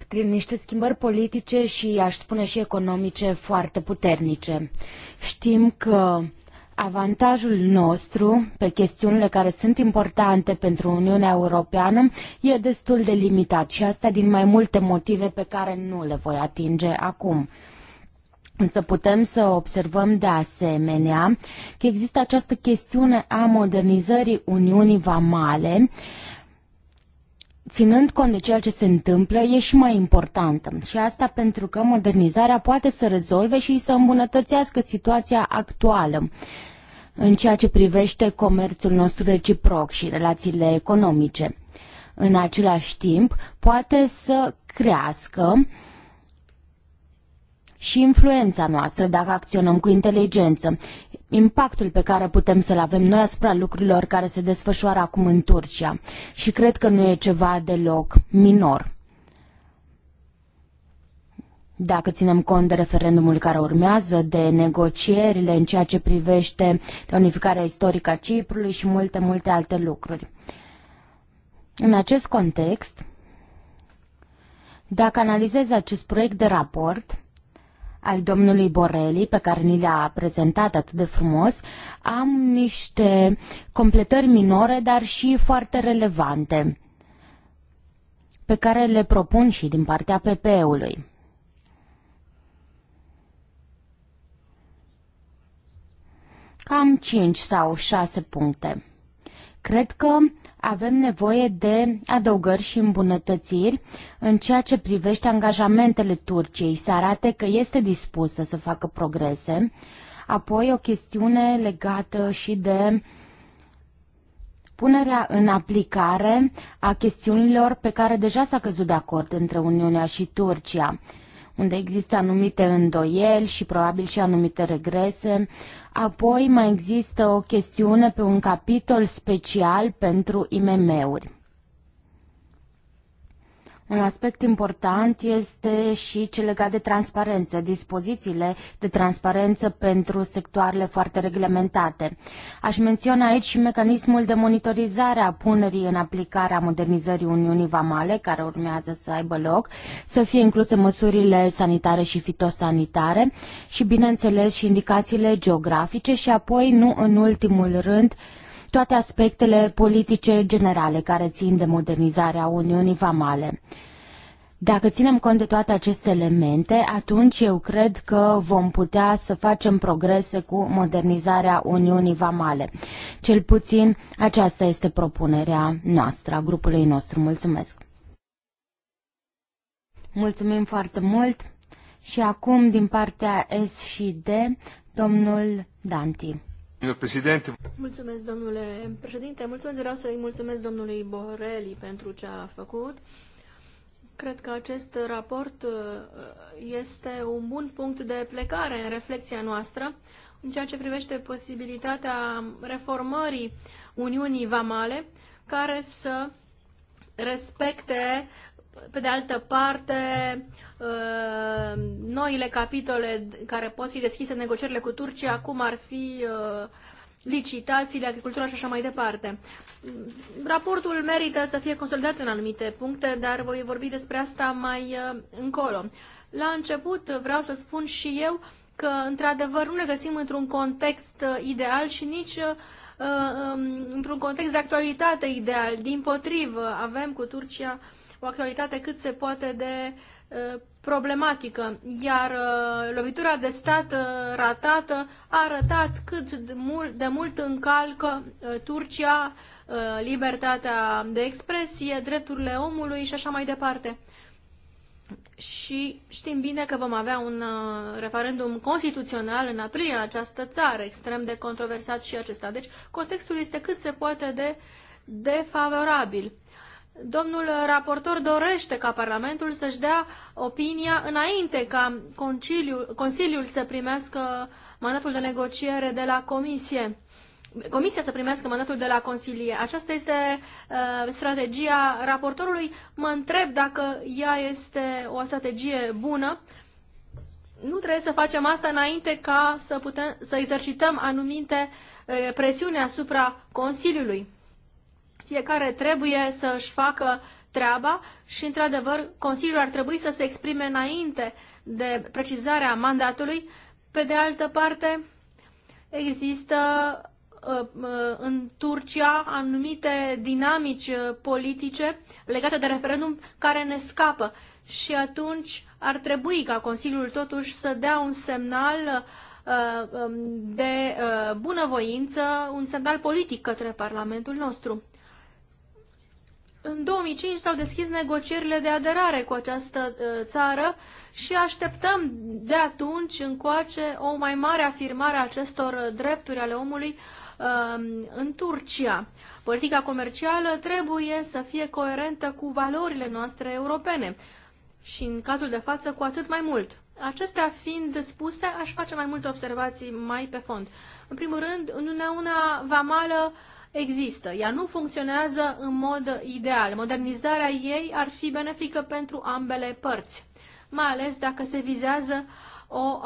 prin niște schimbări politice și, aș spune, și economice foarte puternice. Știm că avantajul nostru pe chestiunile care sunt importante pentru Uniunea Europeană e destul de limitat și asta din mai multe motive pe care nu le voi atinge acum. Însă putem să observăm de asemenea că există această chestiune a modernizării Uniunii Vamale, uh, ținând cont de ceea ce se întâmplă, e și mai importantă. Și asta pentru că modernizarea poate să rezolve și să îmbunătățească situația actuală în ceea ce privește comerțul nostru reciproc și relațiile economice. În același timp, poate să crească uh, și influența noastră dacă acționăm cu inteligență, impactul pe care putem să-l avem noi asupra lucrurilor care se desfășoară acum în Turcia. Și cred că nu e ceva deloc minor. Dacă ținem cont de referendumul care urmează, de negocierile în ceea ce privește unificarea istorică a Ciprului și multe, multe alte lucruri. În acest context, dacă analizez acest proiect de raport, al domnului Borelli, pe care ni le-a prezentat atât de frumos, am niște completări minore, dar și foarte relevante, pe care le propun și din partea PP-ului. Cam 5 sau 6 puncte. Cred că avem nevoie de adăugări și îmbunătățiri în ceea ce privește angajamentele Turciei, să arate că este dispusă să facă progrese. Apoi o chestiune legată și de punerea în aplicare a chestiunilor pe care deja s-a căzut de acord între Uniunea și Turcia, unde există anumite îndoieli și probabil și anumite regrese. Apoi mai există o chestiune pe un capitol special pentru IMM-uri. Un aspect important este și cel legat de transparență, dispozițiile de transparență pentru sectoarele foarte reglementate. Aș menționa aici și mecanismul de monitorizare a punerii în aplicare a modernizării Uniunii Vamale, care urmează să aibă loc, să fie incluse măsurile sanitare și fitosanitare și, bineînțeles, și indicațiile geografice și apoi, nu în ultimul rând, toate aspectele politice generale care țin de modernizarea Uniunii Vamale. Dacă ținem cont de toate aceste elemente, atunci eu cred că vom putea să facem progrese cu modernizarea Uniunii Vamale. Cel puțin aceasta este propunerea noastră, a grupului nostru. Mulțumesc! Mulțumim foarte mult! Și acum, din partea S și D, domnul Danti domnule președinte. Mulțumesc, vreau să îi mulțumesc domnului Borelli pentru ce a făcut. Cred că acest raport uh, este un bun punct de plecare în reflexia noastră în ceea ce privește posibilitatea reformării Uniunii Vamale, care să respecte pe de altă parte, uh, noile capitole care pot fi deschise în negocierile cu Turcia, acum ar fi uh, licitațiile, agricultura și așa mai departe. Raportul merită să fie consolidat în anumite puncte, dar voi vorbi despre asta mai uh, încolo. La început vreau să spun și eu că, într-adevăr, nu ne găsim într-un context ideal și nici um, într-un context de actualitate ideal. Din potrivă, avem cu Turcia uh, o actualitate cât se poate de uh, problematică, iar uh, lovitura de stat uh, ratată a arătat cât de mult, de mult încalcă Turcia libertatea de expresie, drepturile omului și așa mai departe. Și știm bine că vom avea un referendum constituțional în aprilie în această țară, extrem de controversat și acesta. Deci contextul este cât se poate de defavorabil. Domnul raportor dorește ca Parlamentul să-și dea opinia înainte ca Consiliul să primească mandatul de negociere de la Comisie. Comisia să primească mandatul de la Consilie. Aceasta este uh, strategia raportorului. Mă întreb dacă ea este o strategie bună. Nu trebuie să facem asta înainte ca să, putem, să exercităm anumite uh, presiuni asupra Consiliului fiecare trebuie să-și facă treaba și, într-adevăr, Consiliul ar trebui să se exprime înainte de precizarea mandatului. Pe de altă parte, există uh, uh, în Turcia anumite dinamici uh, politice legate de referendum care ne scapă și atunci ar trebui ca Consiliul totuși să dea un semnal um, de bunăvoință, un semnal politic către Parlamentul nostru în 2005 s-au deschis negocierile de aderare cu această uh, țară și așteptăm de atunci încoace o mai mare afirmare a acestor uh, drepturi ale omului um, în Turcia. Politica comercială trebuie să fie coerentă cu valorile noastre europene și în cazul de față cu atât mai mult. Acestea fiind spuse, aș face mai multe observații mai pe fond. În primul rând, Uniunea una Vamală uh, există. Ea nu funcționează în mod ideal. Modernizarea ei ar fi benefică pentru ambele părți, mai ales dacă se vizează o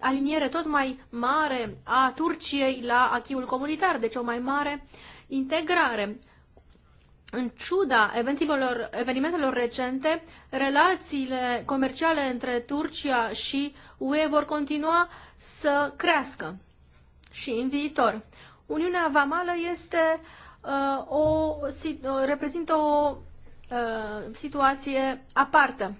aliniere tot mai mare a Turciei la achiul comunitar, deci o mai mare integrare. În ciuda evenimentelor, evenimentelor recente, relațiile comerciale între Turcia și UE vor continua să crească și în viitor. Uniunea Vamală este uh, o, uh, reprezintă o uh, situație apartă.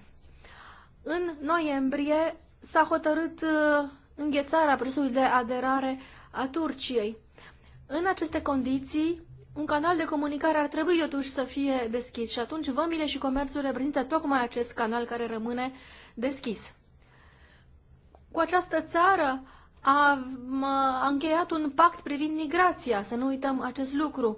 În noiembrie s-a hotărât uh, înghețarea presului de aderare a Turciei. În aceste condiții, un canal de comunicare ar trebui totuși să fie deschis și atunci vămile și comerțul reprezintă tocmai acest canal care rămâne deschis. Cu această țară am încheiat un pact privind migrația, să nu uităm acest lucru.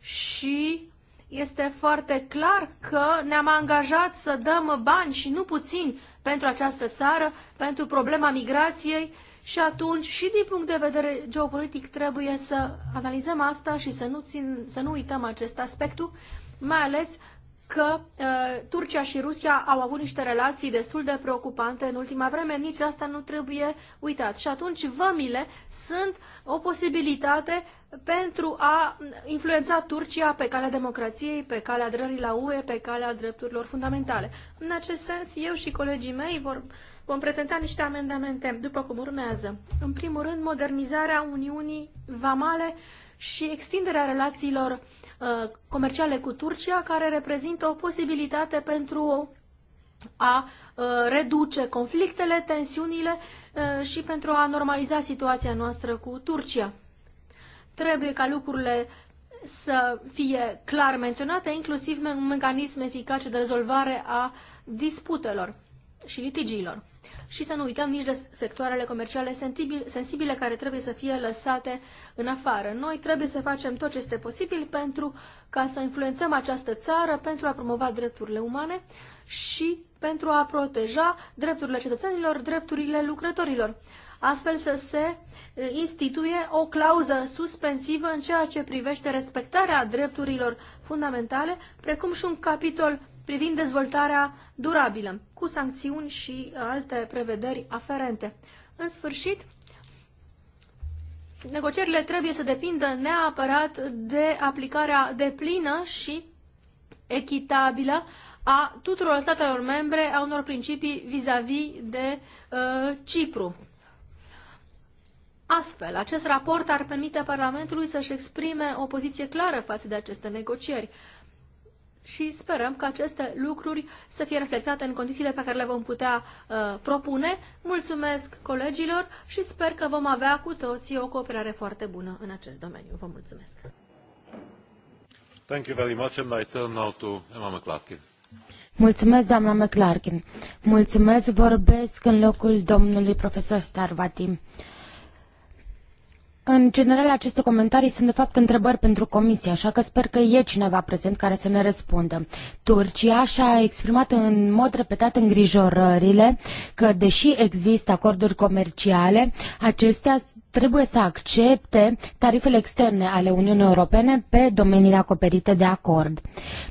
Și este foarte clar că ne-am angajat să dăm bani și nu puțin pentru această țară, pentru problema migrației și atunci și din punct de vedere geopolitic trebuie să analizăm asta și să nu, țin, să nu uităm acest aspect, mai ales că uh, Turcia și Rusia au avut niște relații destul de preocupante în ultima vreme, nici asta nu trebuie uitat. Și atunci vămile sunt o posibilitate pentru a influența Turcia pe calea democrației, pe calea aderării la UE, pe calea drepturilor fundamentale. În acest sens, eu și colegii mei vor, vom prezenta niște amendamente, după cum urmează. În primul rând, modernizarea Uniunii Vamale și extinderea relațiilor uh, Uh, comerciale cu Turcia, care reprezintă o posibilitate pentru a uh, reduce conflictele, tensiunile uh, și pentru a normaliza situația noastră cu Turcia. Trebuie ca lucrurile să fie clar menționate, inclusiv un mecanism eficace de rezolvare a disputelor și litigiilor. Și să nu uităm nici de sectoarele comerciale sensibile care trebuie să fie lăsate în afară. Noi trebuie să facem tot ce este posibil pentru ca să influențăm această țară pentru a promova drepturile umane și pentru a proteja drepturile cetățenilor, drepturile lucrătorilor. Astfel să se instituie o clauză suspensivă în ceea ce privește respectarea drepturilor fundamentale, precum și un capitol privind dezvoltarea durabilă, cu sancțiuni și alte prevederi aferente. În sfârșit, negocierile trebuie să depindă neapărat de aplicarea deplină și echitabilă a tuturor statelor membre a unor principii vis-a-vis -vis de uh, Cipru. Astfel, acest raport ar permite Parlamentului să-și exprime o poziție clară față de aceste negocieri. Uh, și sperăm că aceste lucruri să fie reflectate în condițiile pe care le vom putea uh, propune. Mulțumesc colegilor și sper că vom avea cu toții o cooperare foarte bună în acest domeniu. Vă mulțumesc! Thank you very much and I turn now to Emma McClarkin. Mulțumesc, doamna McClarkin. Mulțumesc, vorbesc în locul domnului profesor Starvati. În general, aceste comentarii sunt de fapt întrebări pentru comisie, așa că sper că e cineva prezent care să ne răspundă. Turcia și-a exprimat în mod repetat îngrijorările că, deși există acorduri comerciale, acestea trebuie să accepte tarifele externe ale Uniunii Europene pe domeniile acoperite de acord.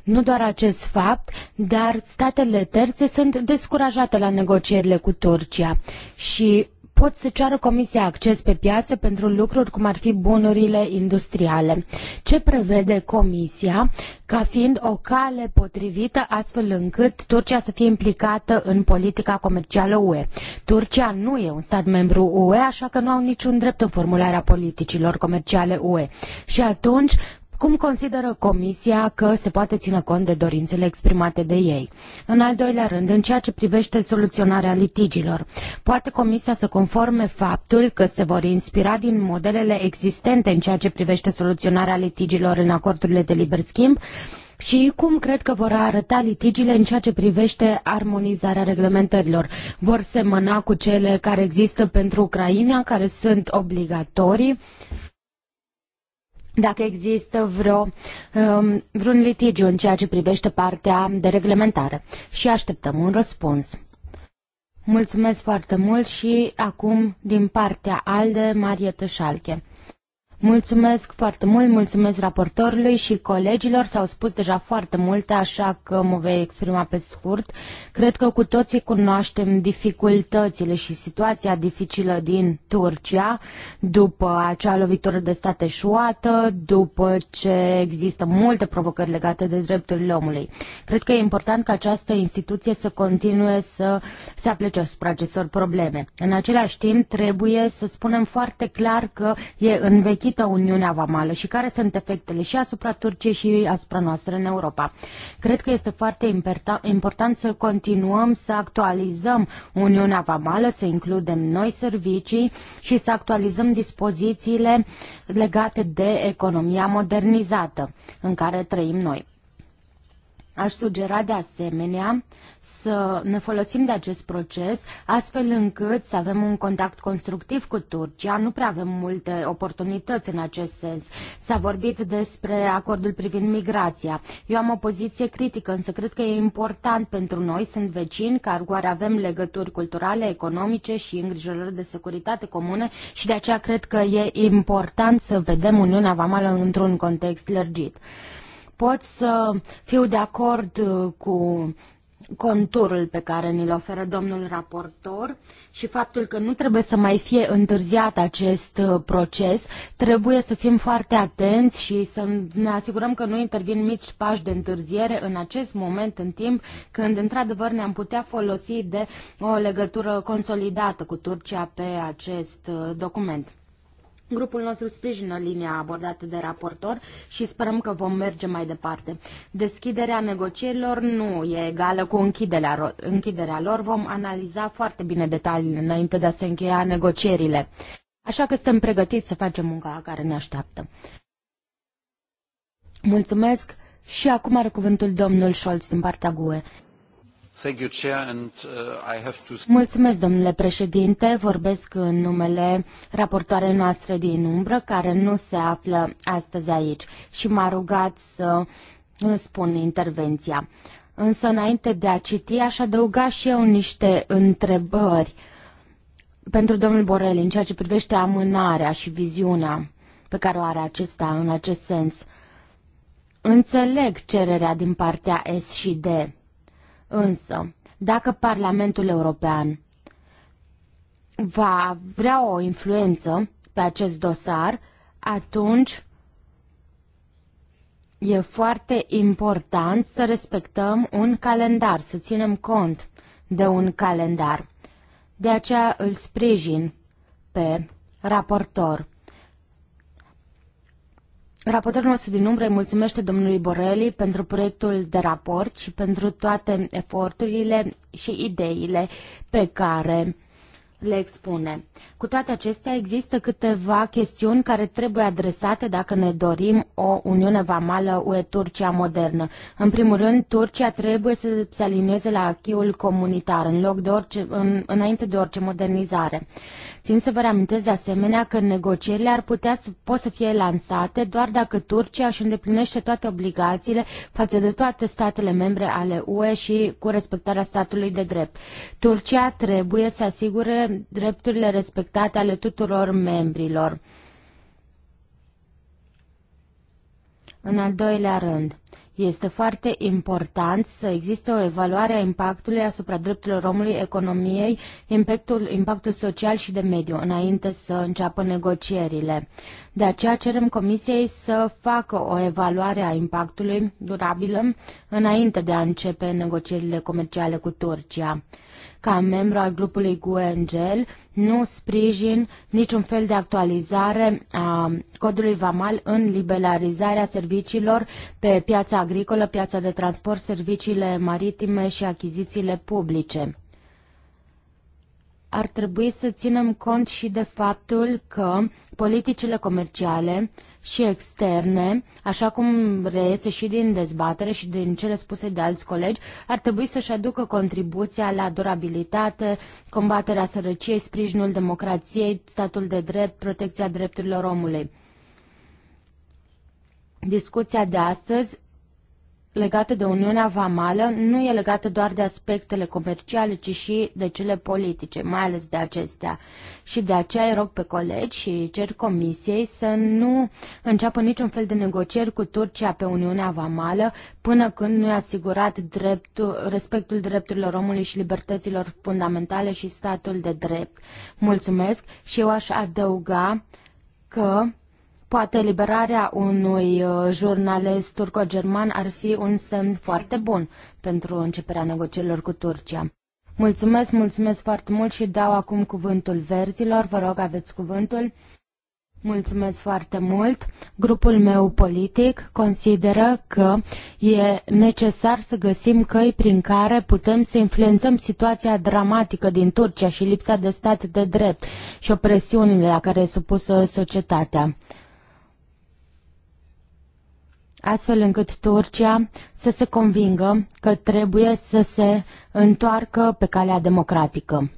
Nu doar acest fapt, dar statele terțe sunt descurajate la negocierile cu Turcia și pot să ceară Comisia acces pe piață pentru lucruri cum ar fi bunurile industriale. Ce prevede Comisia ca fiind o cale potrivită astfel încât Turcia să fie implicată în politica comercială UE? Turcia nu e un stat membru UE, așa că nu au niciun drept în formularea politicilor comerciale UE. Și atunci, cum consideră Comisia că se poate ține cont de dorințele exprimate de ei? În al doilea rând, în ceea ce privește soluționarea litigilor, poate Comisia să conforme faptul că se vor inspira din modelele existente în ceea ce privește soluționarea litigilor în acordurile de liber schimb și cum cred că vor arăta litigiile în ceea ce privește armonizarea reglementărilor? Vor semăna cu cele care există pentru Ucraina, care sunt obligatorii? dacă există vreo, um, vreun litigiu în ceea ce privește partea de reglementare și așteptăm un răspuns. Mulțumesc foarte mult și acum din partea ALDE, Marie Tășalche. Mulțumesc foarte mult, mulțumesc raportorului și colegilor, s-au spus deja foarte multe, așa că mă vei exprima pe scurt. Cred că cu toții cunoaștem dificultățile și situația dificilă din Turcia după acea lovitură de state șuată, după ce există multe provocări legate de drepturile omului. Cred că e important ca această instituție să continue să se aplece asupra acestor probleme. În același timp, trebuie să spunem foarte clar că e învechit deschidă Uniunea Vamală și care sunt efectele și asupra Turciei și asupra noastră în Europa. Cred că este foarte important să continuăm să actualizăm Uniunea Vamală, să includem noi servicii și să actualizăm dispozițiile legate de economia modernizată în care trăim noi. Aș sugera de asemenea să ne folosim de acest proces astfel încât să avem un contact constructiv cu Turcia. Nu prea avem multe oportunități în acest sens. S-a vorbit despre acordul privind migrația. Eu am o poziție critică, însă cred că e important pentru noi, sunt vecini, care avem legături culturale, economice și îngrijorări de securitate comune și de aceea cred că e important să vedem Uniunea Vamală într-un context lărgit. Pot să fiu de acord uh, cu conturul pe care ni-l oferă domnul raportor și faptul că nu trebuie să mai fie întârziat acest uh, proces, trebuie să fim foarte atenți și să ne asigurăm că nu intervin mici pași de întârziere în acest moment în timp când într-adevăr ne-am putea folosi de o legătură consolidată cu Turcia pe acest uh, document. Grupul nostru sprijină linia abordată de raportor și sperăm că vom merge mai departe. Deschiderea negocierilor nu e egală cu închiderea, închiderea lor. Vom analiza foarte bine detaliile înainte de a se încheia negocierile. Așa că suntem pregătiți să facem munca care ne așteaptă. Mulțumesc și acum are cuvântul domnul Scholz din partea GUE. Uh, Mulțumesc, domnule președinte. Vorbesc în numele raportoarei noastre din umbră, care nu se află astăzi aici și m-a rugat să îmi spun intervenția. Însă, înainte de a citi, aș adăuga și eu niște întrebări pentru domnul Borel în ceea ce privește amânarea și viziunea pe care o are acesta în acest sens. Înțeleg cererea din partea S și D Însă, dacă Parlamentul European va vrea o influență pe acest dosar, atunci e foarte important să respectăm un calendar, să ținem cont de un calendar. De aceea îl sprijin pe raportor. Raportorul nostru din umbră îi mulțumește domnului Borelli pentru proiectul de raport și pentru toate eforturile și ideile pe care le expune. Cu toate acestea, există câteva chestiuni care trebuie adresate dacă ne dorim o Uniune Vamală UE-Turcia modernă. În primul rând, Turcia trebuie să se alinieze la achiul comunitar în loc de orice, în, înainte de orice modernizare. Țin să vă reamintesc de asemenea că negocierile ar putea să, pot să fie lansate doar dacă Turcia își îndeplinește toate obligațiile față de toate statele membre ale UE și cu respectarea statului de drept. Turcia trebuie să asigure drepturile respectate ale tuturor membrilor. În al doilea rând, este foarte important să existe o evaluare a impactului asupra drepturilor omului, economiei, impactul, impactul social și de mediu, înainte să înceapă negocierile. De aceea cerem Comisiei să facă o evaluare a impactului durabilă înainte de a începe negocierile comerciale cu Turcia ca membru al grupului Guengel, nu sprijin niciun fel de actualizare a codului VAMAL în liberalizarea serviciilor pe piața agricolă, piața de transport, serviciile maritime și achizițiile publice. Ar trebui să ținem cont și de faptul că politicile comerciale și externe, așa cum reiese și din dezbatere și din cele spuse de alți colegi, ar trebui să-și aducă contribuția la durabilitate, combaterea sărăciei, sprijinul democrației, statul de drept, protecția drepturilor omului. Discuția de astăzi legată de Uniunea Vamală nu e legată doar de aspectele comerciale, ci și de cele politice, mai ales de acestea. Și de aceea îi rog pe colegi și cer comisiei să nu înceapă niciun fel de negocieri cu Turcia pe Uniunea Vamală până când nu e asigurat dreptul, respectul drepturilor omului și libertăților fundamentale și statul de drept. Mulțumesc și eu aș adăuga că Poate liberarea unui uh, jurnalist turco-german ar fi un semn foarte bun pentru începerea negocierilor cu Turcia. Mulțumesc, mulțumesc foarte mult și dau acum cuvântul verzilor. Vă rog, aveți cuvântul. Mulțumesc foarte mult. Grupul meu politic consideră că e necesar să găsim căi prin care putem să influențăm situația dramatică din Turcia și lipsa de stat de drept și opresiunile la care e supusă societatea astfel încât Turcia să se convingă că trebuie să se întoarcă pe calea democratică.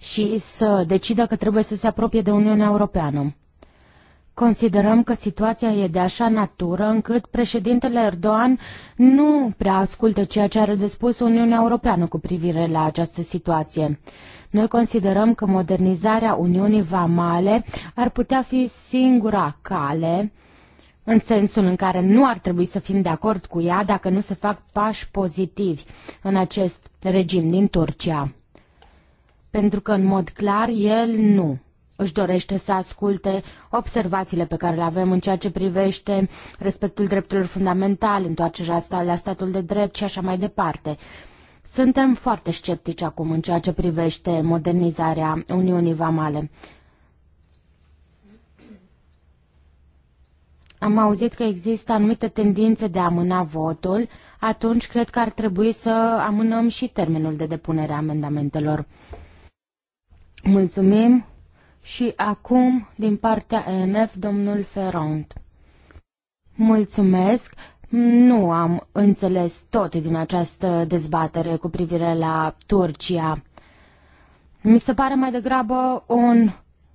și să decidă că trebuie să se apropie de Uniunea Europeană. Considerăm că situația e de așa natură încât președintele Erdogan nu prea ascultă ceea ce are de spus Uniunea Europeană cu privire la această situație. Noi considerăm că modernizarea Uniunii Vamale ar putea fi singura cale în sensul în care nu ar trebui să fim de acord cu ea dacă nu se fac pași pozitivi în acest regim din Turcia. Pentru că, în mod clar, el nu își dorește să asculte observațiile pe care le avem în ceea ce privește respectul drepturilor fundamentale, întoarcerea la statul de drept și așa mai departe. Suntem foarte sceptici acum în ceea ce privește modernizarea Uniunii Vamale. Am auzit că există anumite tendințe de a amâna votul, atunci cred că ar trebui să amânăm și termenul de depunere a amendamentelor. Mulțumim! Și acum, din partea ENF, domnul Ferrand. Mulțumesc! Nu am înțeles tot din această dezbatere cu privire la Turcia. Mi se pare mai degrabă un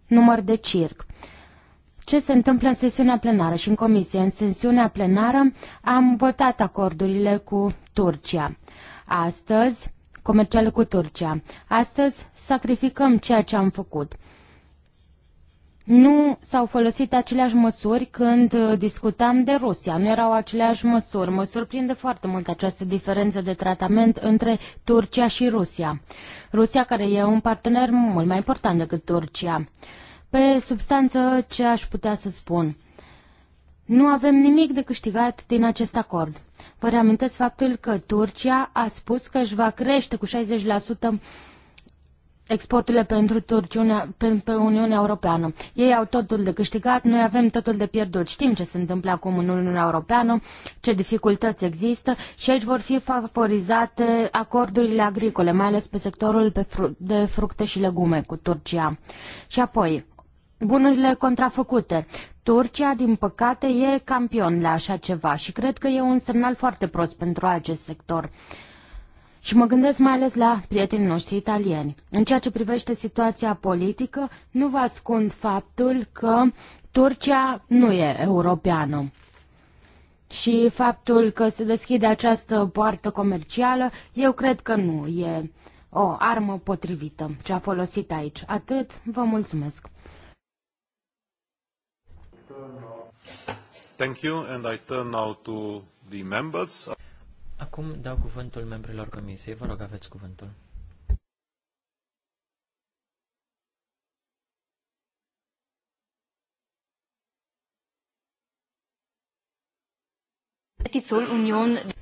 număr de circ. Ce se întâmplă în sesiunea plenară și în comisie? În sesiunea plenară am votat acordurile cu Turcia. Astăzi, comerciale cu Turcia. Astăzi sacrificăm ceea ce am făcut nu s-au folosit aceleași măsuri când uh, discutam de Rusia. Nu erau aceleași măsuri. Mă surprinde foarte mult această diferență de tratament între Turcia și Rusia. Rusia care e un partener mult mai important decât Turcia. Pe substanță, ce aș putea să spun? Nu avem nimic de câștigat din acest acord. Vă reamintesc faptul că Turcia a spus că își va crește cu 60% exporturile pentru Turciunea, pe, pe Uniunea Europeană. Ei au totul de câștigat, noi avem totul de pierdut. Știm ce se întâmplă acum în Uniunea Europeană, ce dificultăți există și aici vor fi favorizate acordurile agricole, mai ales pe sectorul pe fru- de fructe și legume cu Turcia. Și apoi, bunurile contrafăcute. Turcia, din păcate, e campion la așa ceva și cred că e un semnal foarte prost pentru acest sector. Uh, și mă gândesc mai ales la prietenii noștri italieni. În ceea ce privește situația politică, nu vă ascund faptul că Turcia nu e europeană. Și faptul că se deschide această poartă comercială, eu cred că nu e o armă potrivită ce a folosit aici. Atât, vă mulțumesc. Thank you and I turn now to the members. Acum dau cuvântul membrilor comisiei. Vă rog, aveți cuvântul.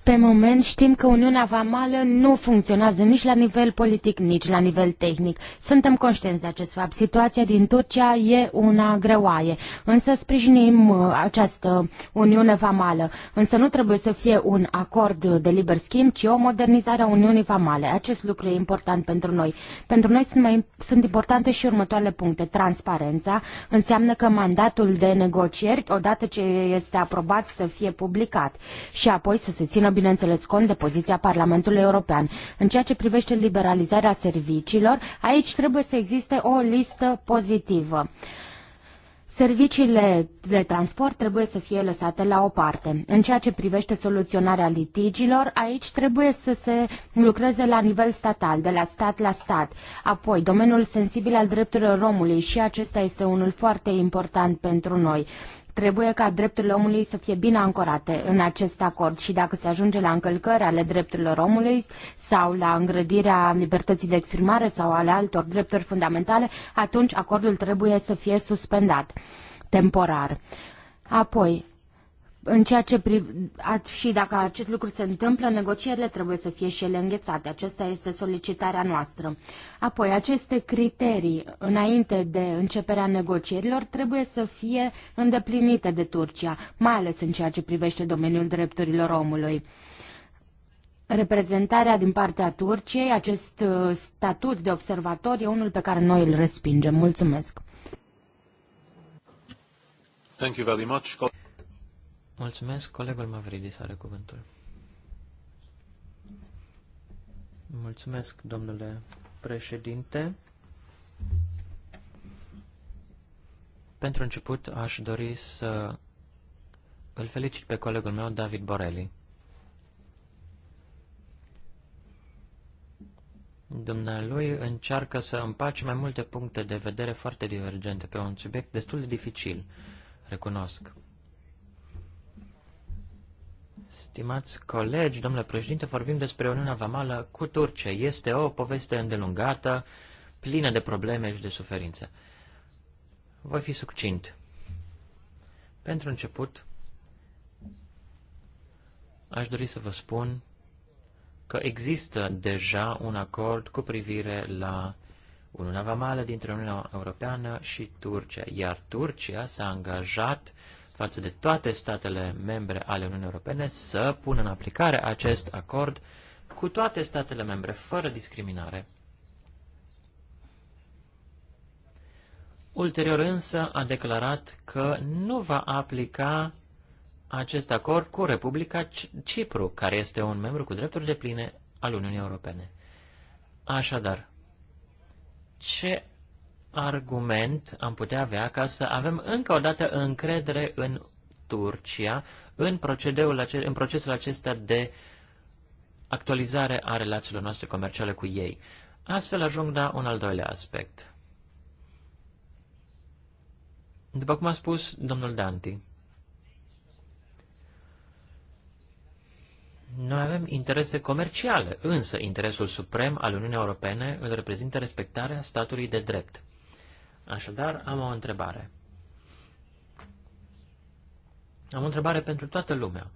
Pe moment știm că Uniunea Vamală nu funcționează nici la nivel politic, nici la nivel tehnic. Suntem conștienți de acest fapt. Situația din Turcia e una greoaie, însă sprijinim uh, această Uniune Vamală. Însă nu trebuie să fie un acord de liber schimb, ci o modernizare a Uniunii Vamale. Acest lucru e important pentru noi. Pentru noi sunt, mai, sunt importante și următoarele puncte. Transparența înseamnă că mandatul de negocieri, odată ce este aprobat, să fie publicat și apoi să se țină, bineînțeles, cont de poziția Parlamentului European. În ceea ce privește liberalizarea serviciilor, aici trebuie să existe o listă pozitivă. Serviciile de transport trebuie să fie lăsate la o parte. În ceea ce privește soluționarea litigilor, aici trebuie să se lucreze la nivel statal, de la stat la stat. Apoi, domeniul sensibil al drepturilor omului și acesta este unul foarte important pentru noi. Trebuie ca drepturile omului să fie bine ancorate în acest acord și dacă se ajunge la încălcări ale drepturilor omului sau la îngrădirea libertății de exprimare sau ale altor drepturi fundamentale, atunci acordul trebuie să fie suspendat temporar. Apoi, în ceea ce priv- și dacă acest lucru se întâmplă, negocierile trebuie să fie și ele înghețate. Aceasta este solicitarea noastră. Apoi, aceste criterii, înainte de începerea negocierilor, trebuie să fie îndeplinite de Turcia, mai ales în ceea ce privește domeniul drepturilor omului reprezentarea din partea Turciei, acest uh, statut de observator, e unul pe care noi îl respingem. Mulțumesc! Thank you very much. Mulțumesc, colegul Mavridis are cuvântul. Mulțumesc, domnule președinte. Pentru început, aș dori să îl felicit pe colegul meu, David Borelli. Dumnealui încearcă să împace mai multe puncte de vedere foarte divergente pe un subiect destul de dificil, recunosc. Stimați colegi, domnule președinte, vorbim despre Uniunea Vamală cu Turcia. Este o poveste îndelungată, plină de probleme și de suferință. Voi fi succint. Pentru început, aș dori să vă spun că există deja un acord cu privire la Uniunea Vamală dintre Uniunea Europeană și Turcia, iar Turcia s-a angajat față de toate statele membre ale Uniunii Europene să pună în aplicare acest acord cu toate statele membre, fără discriminare. Ulterior însă a declarat că nu va aplica acest acord cu Republica Cipru, care este un membru cu drepturi de pline al Uniunii Europene. Așadar, ce argument am putea avea ca să avem încă o dată încredere în Turcia în, procedeul, în procesul acesta de actualizare a relațiilor noastre comerciale cu ei. Astfel ajung la un al doilea aspect. După cum a spus domnul Danti, Noi avem interese comerciale, însă interesul suprem al Uniunii Europene îl reprezintă respectarea statului de drept. Așadar, am o întrebare. Am o întrebare pentru toată lumea.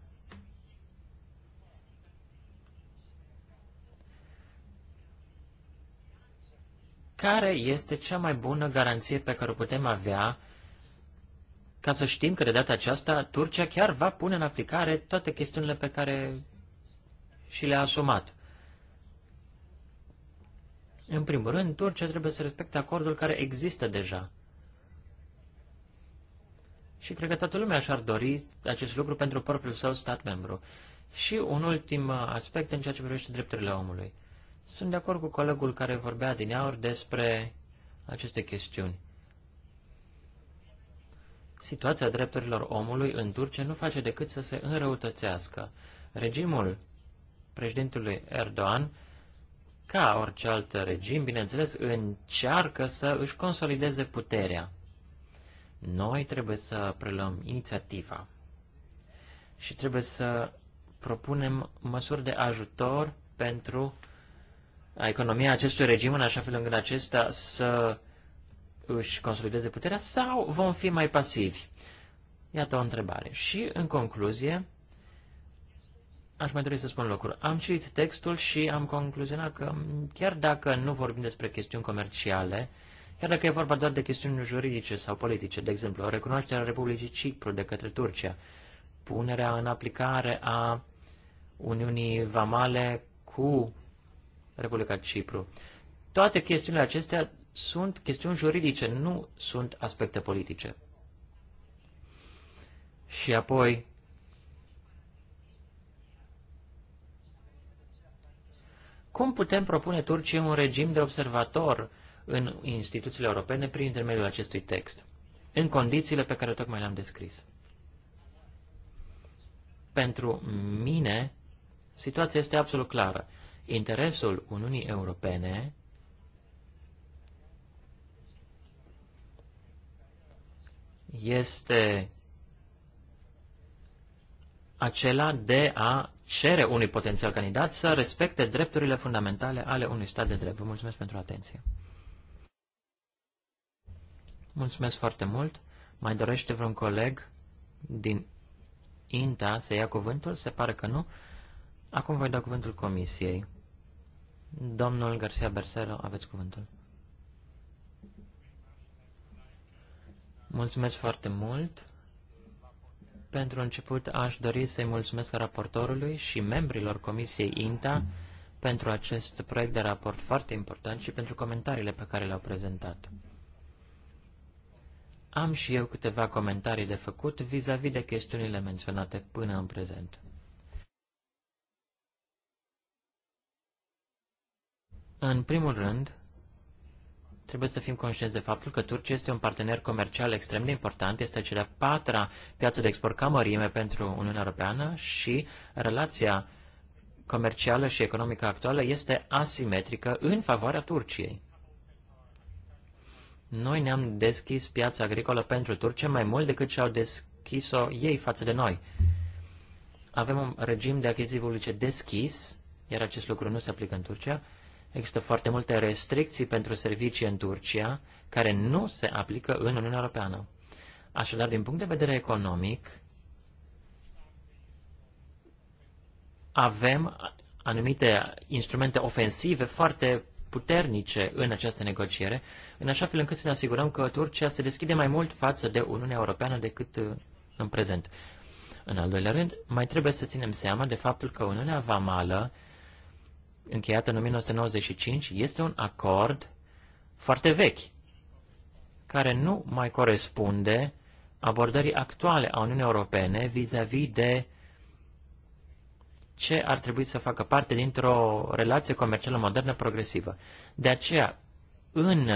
Care este cea mai bună garanție pe care o putem avea ca să știm că de data aceasta Turcia chiar va pune în aplicare toate chestiunile pe care și le-a asumat? În primul rând, Turcia trebuie să respecte acordul care există deja. Și cred că toată lumea și-ar dori acest lucru pentru propriul său stat membru. Și un ultim aspect în ceea ce privește drepturile omului. Sunt de acord cu colegul care vorbea din aur despre aceste chestiuni. Situația drepturilor omului în Turcia nu face decât să se înrăutățească. Regimul președintelui Erdogan ca orice alt regim, bineînțeles, încearcă să își consolideze puterea. Noi trebuie să preluăm inițiativa și trebuie să propunem măsuri de ajutor pentru a economia acestui regim în așa fel încât acesta să își consolideze puterea sau vom fi mai pasivi? Iată o întrebare. Și, în concluzie, aș mai dori să spun lucruri. Am citit textul și am concluzionat că chiar dacă nu vorbim despre chestiuni comerciale, chiar dacă e vorba doar de chestiuni juridice sau politice, de exemplu, recunoașterea Republicii Cipru de către Turcia, punerea în aplicare a Uniunii Vamale cu Republica Cipru. Toate chestiunile acestea sunt chestiuni juridice, nu sunt aspecte politice. Și apoi, Cum putem propune Turciei un regim de observator în instituțiile europene prin intermediul acestui text, în condițiile pe care tocmai le-am descris? Pentru mine, situația este absolut clară. Interesul Uniunii Europene este acela de a cere unui potențial candidat să respecte drepturile fundamentale ale unui stat de drept. Vă mulțumesc pentru atenție. Mulțumesc foarte mult. Mai dorește vreun coleg din INTA să ia cuvântul? Se pare că nu. Acum voi da cuvântul comisiei. Domnul Garcia Bersero, aveți cuvântul. Mulțumesc foarte mult. Pentru început, aș dori să-i mulțumesc raportorului și membrilor Comisiei INTA pentru acest proiect de raport foarte important și pentru comentariile pe care le-au prezentat. Am și eu câteva comentarii de făcut vis-a-vis -vis de chestiunile menționate până în prezent. În primul rând, Trebuie să fim conștienți de faptul că Turcia este un partener comercial extrem de important, este cea de-a patra piață de export ca mărime pentru Uniunea Europeană și relația comercială și economică actuală este asimetrică în favoarea Turciei. Noi ne-am deschis piața agricolă pentru Turcia mai mult decât și-au deschis-o ei față de noi. Avem un regim de achiziții publice deschis, iar acest lucru nu se aplică în Turcia, Există foarte multe restricții pentru servicii în Turcia care nu se aplică în Uniunea Europeană. Așadar, din punct de vedere economic, avem anumite instrumente ofensive foarte puternice în această negociere, în așa fel încât să ne asigurăm că Turcia se deschide mai mult față de Uniunea Europeană decât uh, în prezent. În al doilea rând, mai trebuie să ținem seama de faptul că Uniunea Vamală încheiat în 1995, este un acord foarte vechi, care nu mai corespunde abordării actuale a Uniunii Europene vis-a-vis -vis de ce ar trebui să facă parte dintr-o relație comercială modernă progresivă. De aceea, în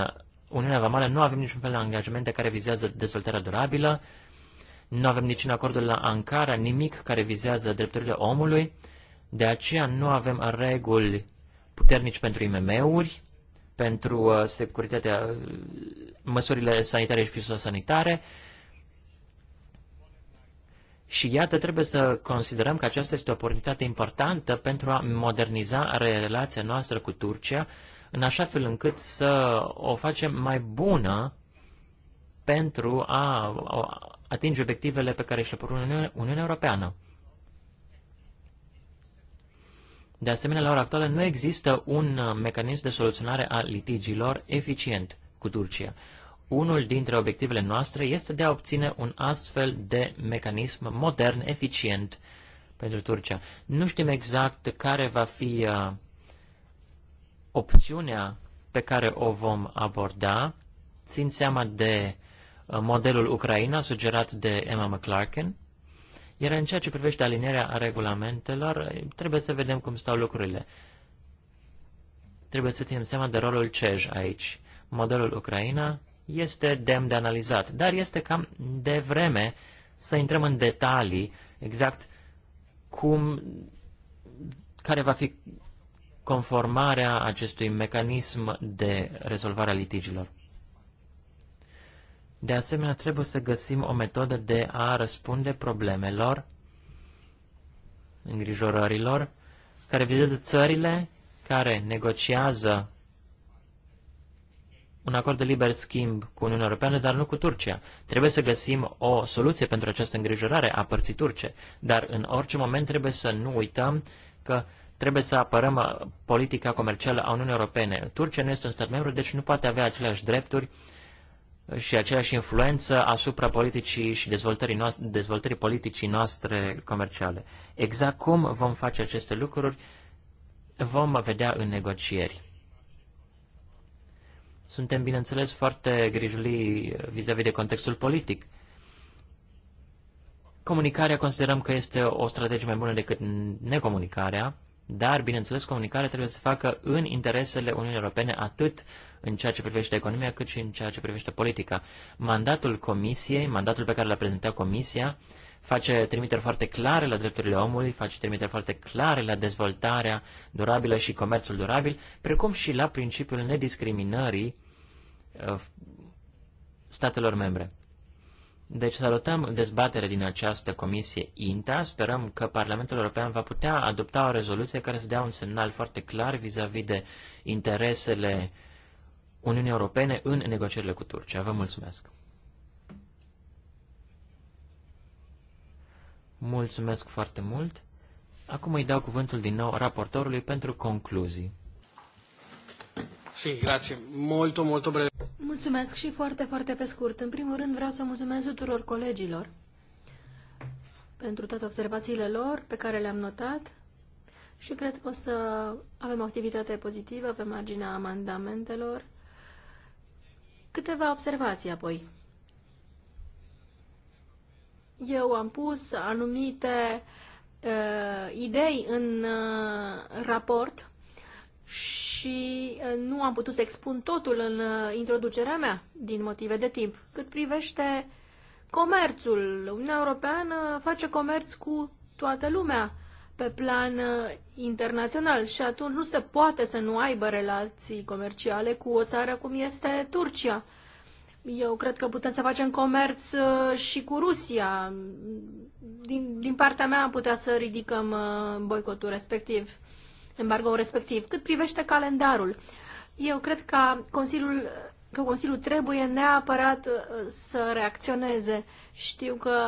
Uniunea Vamală nu avem niciun fel de angajamente care vizează dezvoltarea durabilă, nu avem niciun acordul la Ankara, nimic care vizează drepturile omului, de aceea nu avem reguli puternici pentru IMM-uri, pentru uh, securitatea, uh, măsurile sanitare și fisosanitare. Și iată, trebuie să considerăm că aceasta este o oportunitate importantă pentru a moderniza relația noastră cu Turcia, în așa fel încât să o facem mai bună pentru a atinge obiectivele pe care și a Uniunea Europeană. De asemenea, la ora actuală nu există un uh, mecanism de soluționare a litigiilor eficient cu Turcia. Unul dintre obiectivele noastre este de a obține un astfel de mecanism modern, eficient pentru Turcia. Nu știm exact care va fi uh, opțiunea pe care o vom aborda, țin seama de uh, modelul Ucraina sugerat de Emma McClarkin, iar în ceea ce privește alinierea regulamentelor, trebuie să vedem cum stau lucrurile. Trebuie să ținem seama de rolul CEJ aici. Modelul Ucraina este demn de analizat, dar este cam de vreme să intrăm în detalii exact cum, care va fi conformarea acestui mecanism de rezolvare a litigilor. De asemenea, trebuie să găsim o metodă de a răspunde problemelor, îngrijorărilor, care vizează țările care negociază un acord de liber schimb cu Uniunea Europeană, dar nu cu Turcia. Trebuie să găsim o soluție pentru această îngrijorare a părții turce, dar în orice moment trebuie să nu uităm că trebuie să apărăm uh, politica comercială a Uniunii Europene. Turcia nu este un stat membru, deci nu poate avea aceleași drepturi uh, și aceeași influență asupra politicii și dezvoltării, noastre, dezvoltării politicii noastre comerciale. Exact cum vom face aceste lucruri vom vedea în negocieri. Suntem, bineînțeles, foarte grijuli vis-a-vis de contextul politic. Comunicarea considerăm că este o strategie mai bună decât necomunicarea dar, bineînțeles, comunicarea trebuie să facă în interesele Uniunii Europene, atât în ceea ce privește economia, cât și în ceea ce privește politica. Mandatul Comisiei, mandatul pe care l-a prezentat Comisia, face trimiteri foarte clare la drepturile omului, face trimiteri foarte clare la dezvoltarea durabilă și comerțul durabil, precum și la principiul nediscriminării uh, statelor membre. Deci salutăm dezbaterea din această comisie INTA. Sperăm că Parlamentul European va putea adopta o rezoluție care să dea un semnal foarte clar vis-a-vis -vis de interesele Uniunii Europene în negocierile cu Turcia. Vă mulțumesc! Mulțumesc foarte mult! Acum îi dau cuvântul din nou raportorului pentru concluzii. Sì, grazie. Molto, molto breve. Mulțumesc și foarte, foarte pe scurt. În primul rând vreau să mulțumesc tuturor colegilor pentru toate observațiile lor pe care le-am notat și cred că o să avem o activitate pozitivă pe marginea amendamentelor. Câteva observații apoi. Eu am pus anumite uh, idei în uh, raport și uh, nu am putut să expun totul în uh, introducerea mea, din motive de timp. Cât privește comerțul, Uniunea Europeană face comerț cu toată lumea pe plan uh, internațional și atunci nu se poate să nu aibă relații comerciale cu o țară cum este Turcia. Eu cred că putem să facem comerț și cu Rusia. Din, din partea mea am putea să ridicăm boicotul respectiv embargo respectiv. Cât privește calendarul, eu cred că Consiliul, că Consiliul trebuie neapărat uh, să reacționeze. Știu că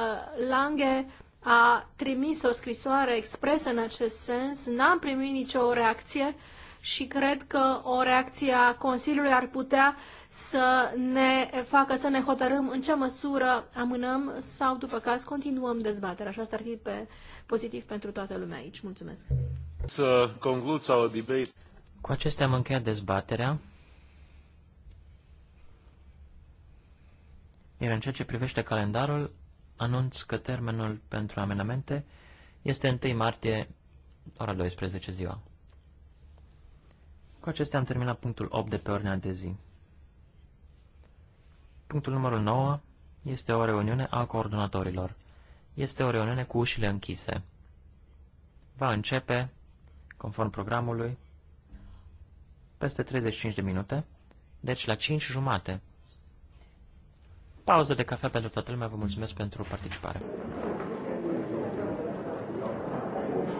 Lange a trimis o scrisoare expresă în acest sens, n-am primit nicio reacție și cred că o reacție a Consiliului ar putea să ne facă să ne hotărâm în ce măsură amânăm sau, după caz, continuăm dezbaterea. Așa asta ar fi pe, pozitiv pentru toată lumea aici. Mulțumesc! Cu acestea am încheiat dezbaterea. Iar în ceea ce privește calendarul, anunț că termenul pentru amenamente este 1 martie, ora 12 ziua. Cu acestea am terminat punctul 8 de pe ordinea de zi. Punctul numărul 9 este o reuniune a coordonatorilor. Este o reuniune cu ușile închise. Va începe conform programului, peste 35 de minute, deci la 5 jumate. Pauză de cafea pentru toată lumea, vă mulțumesc pentru participare.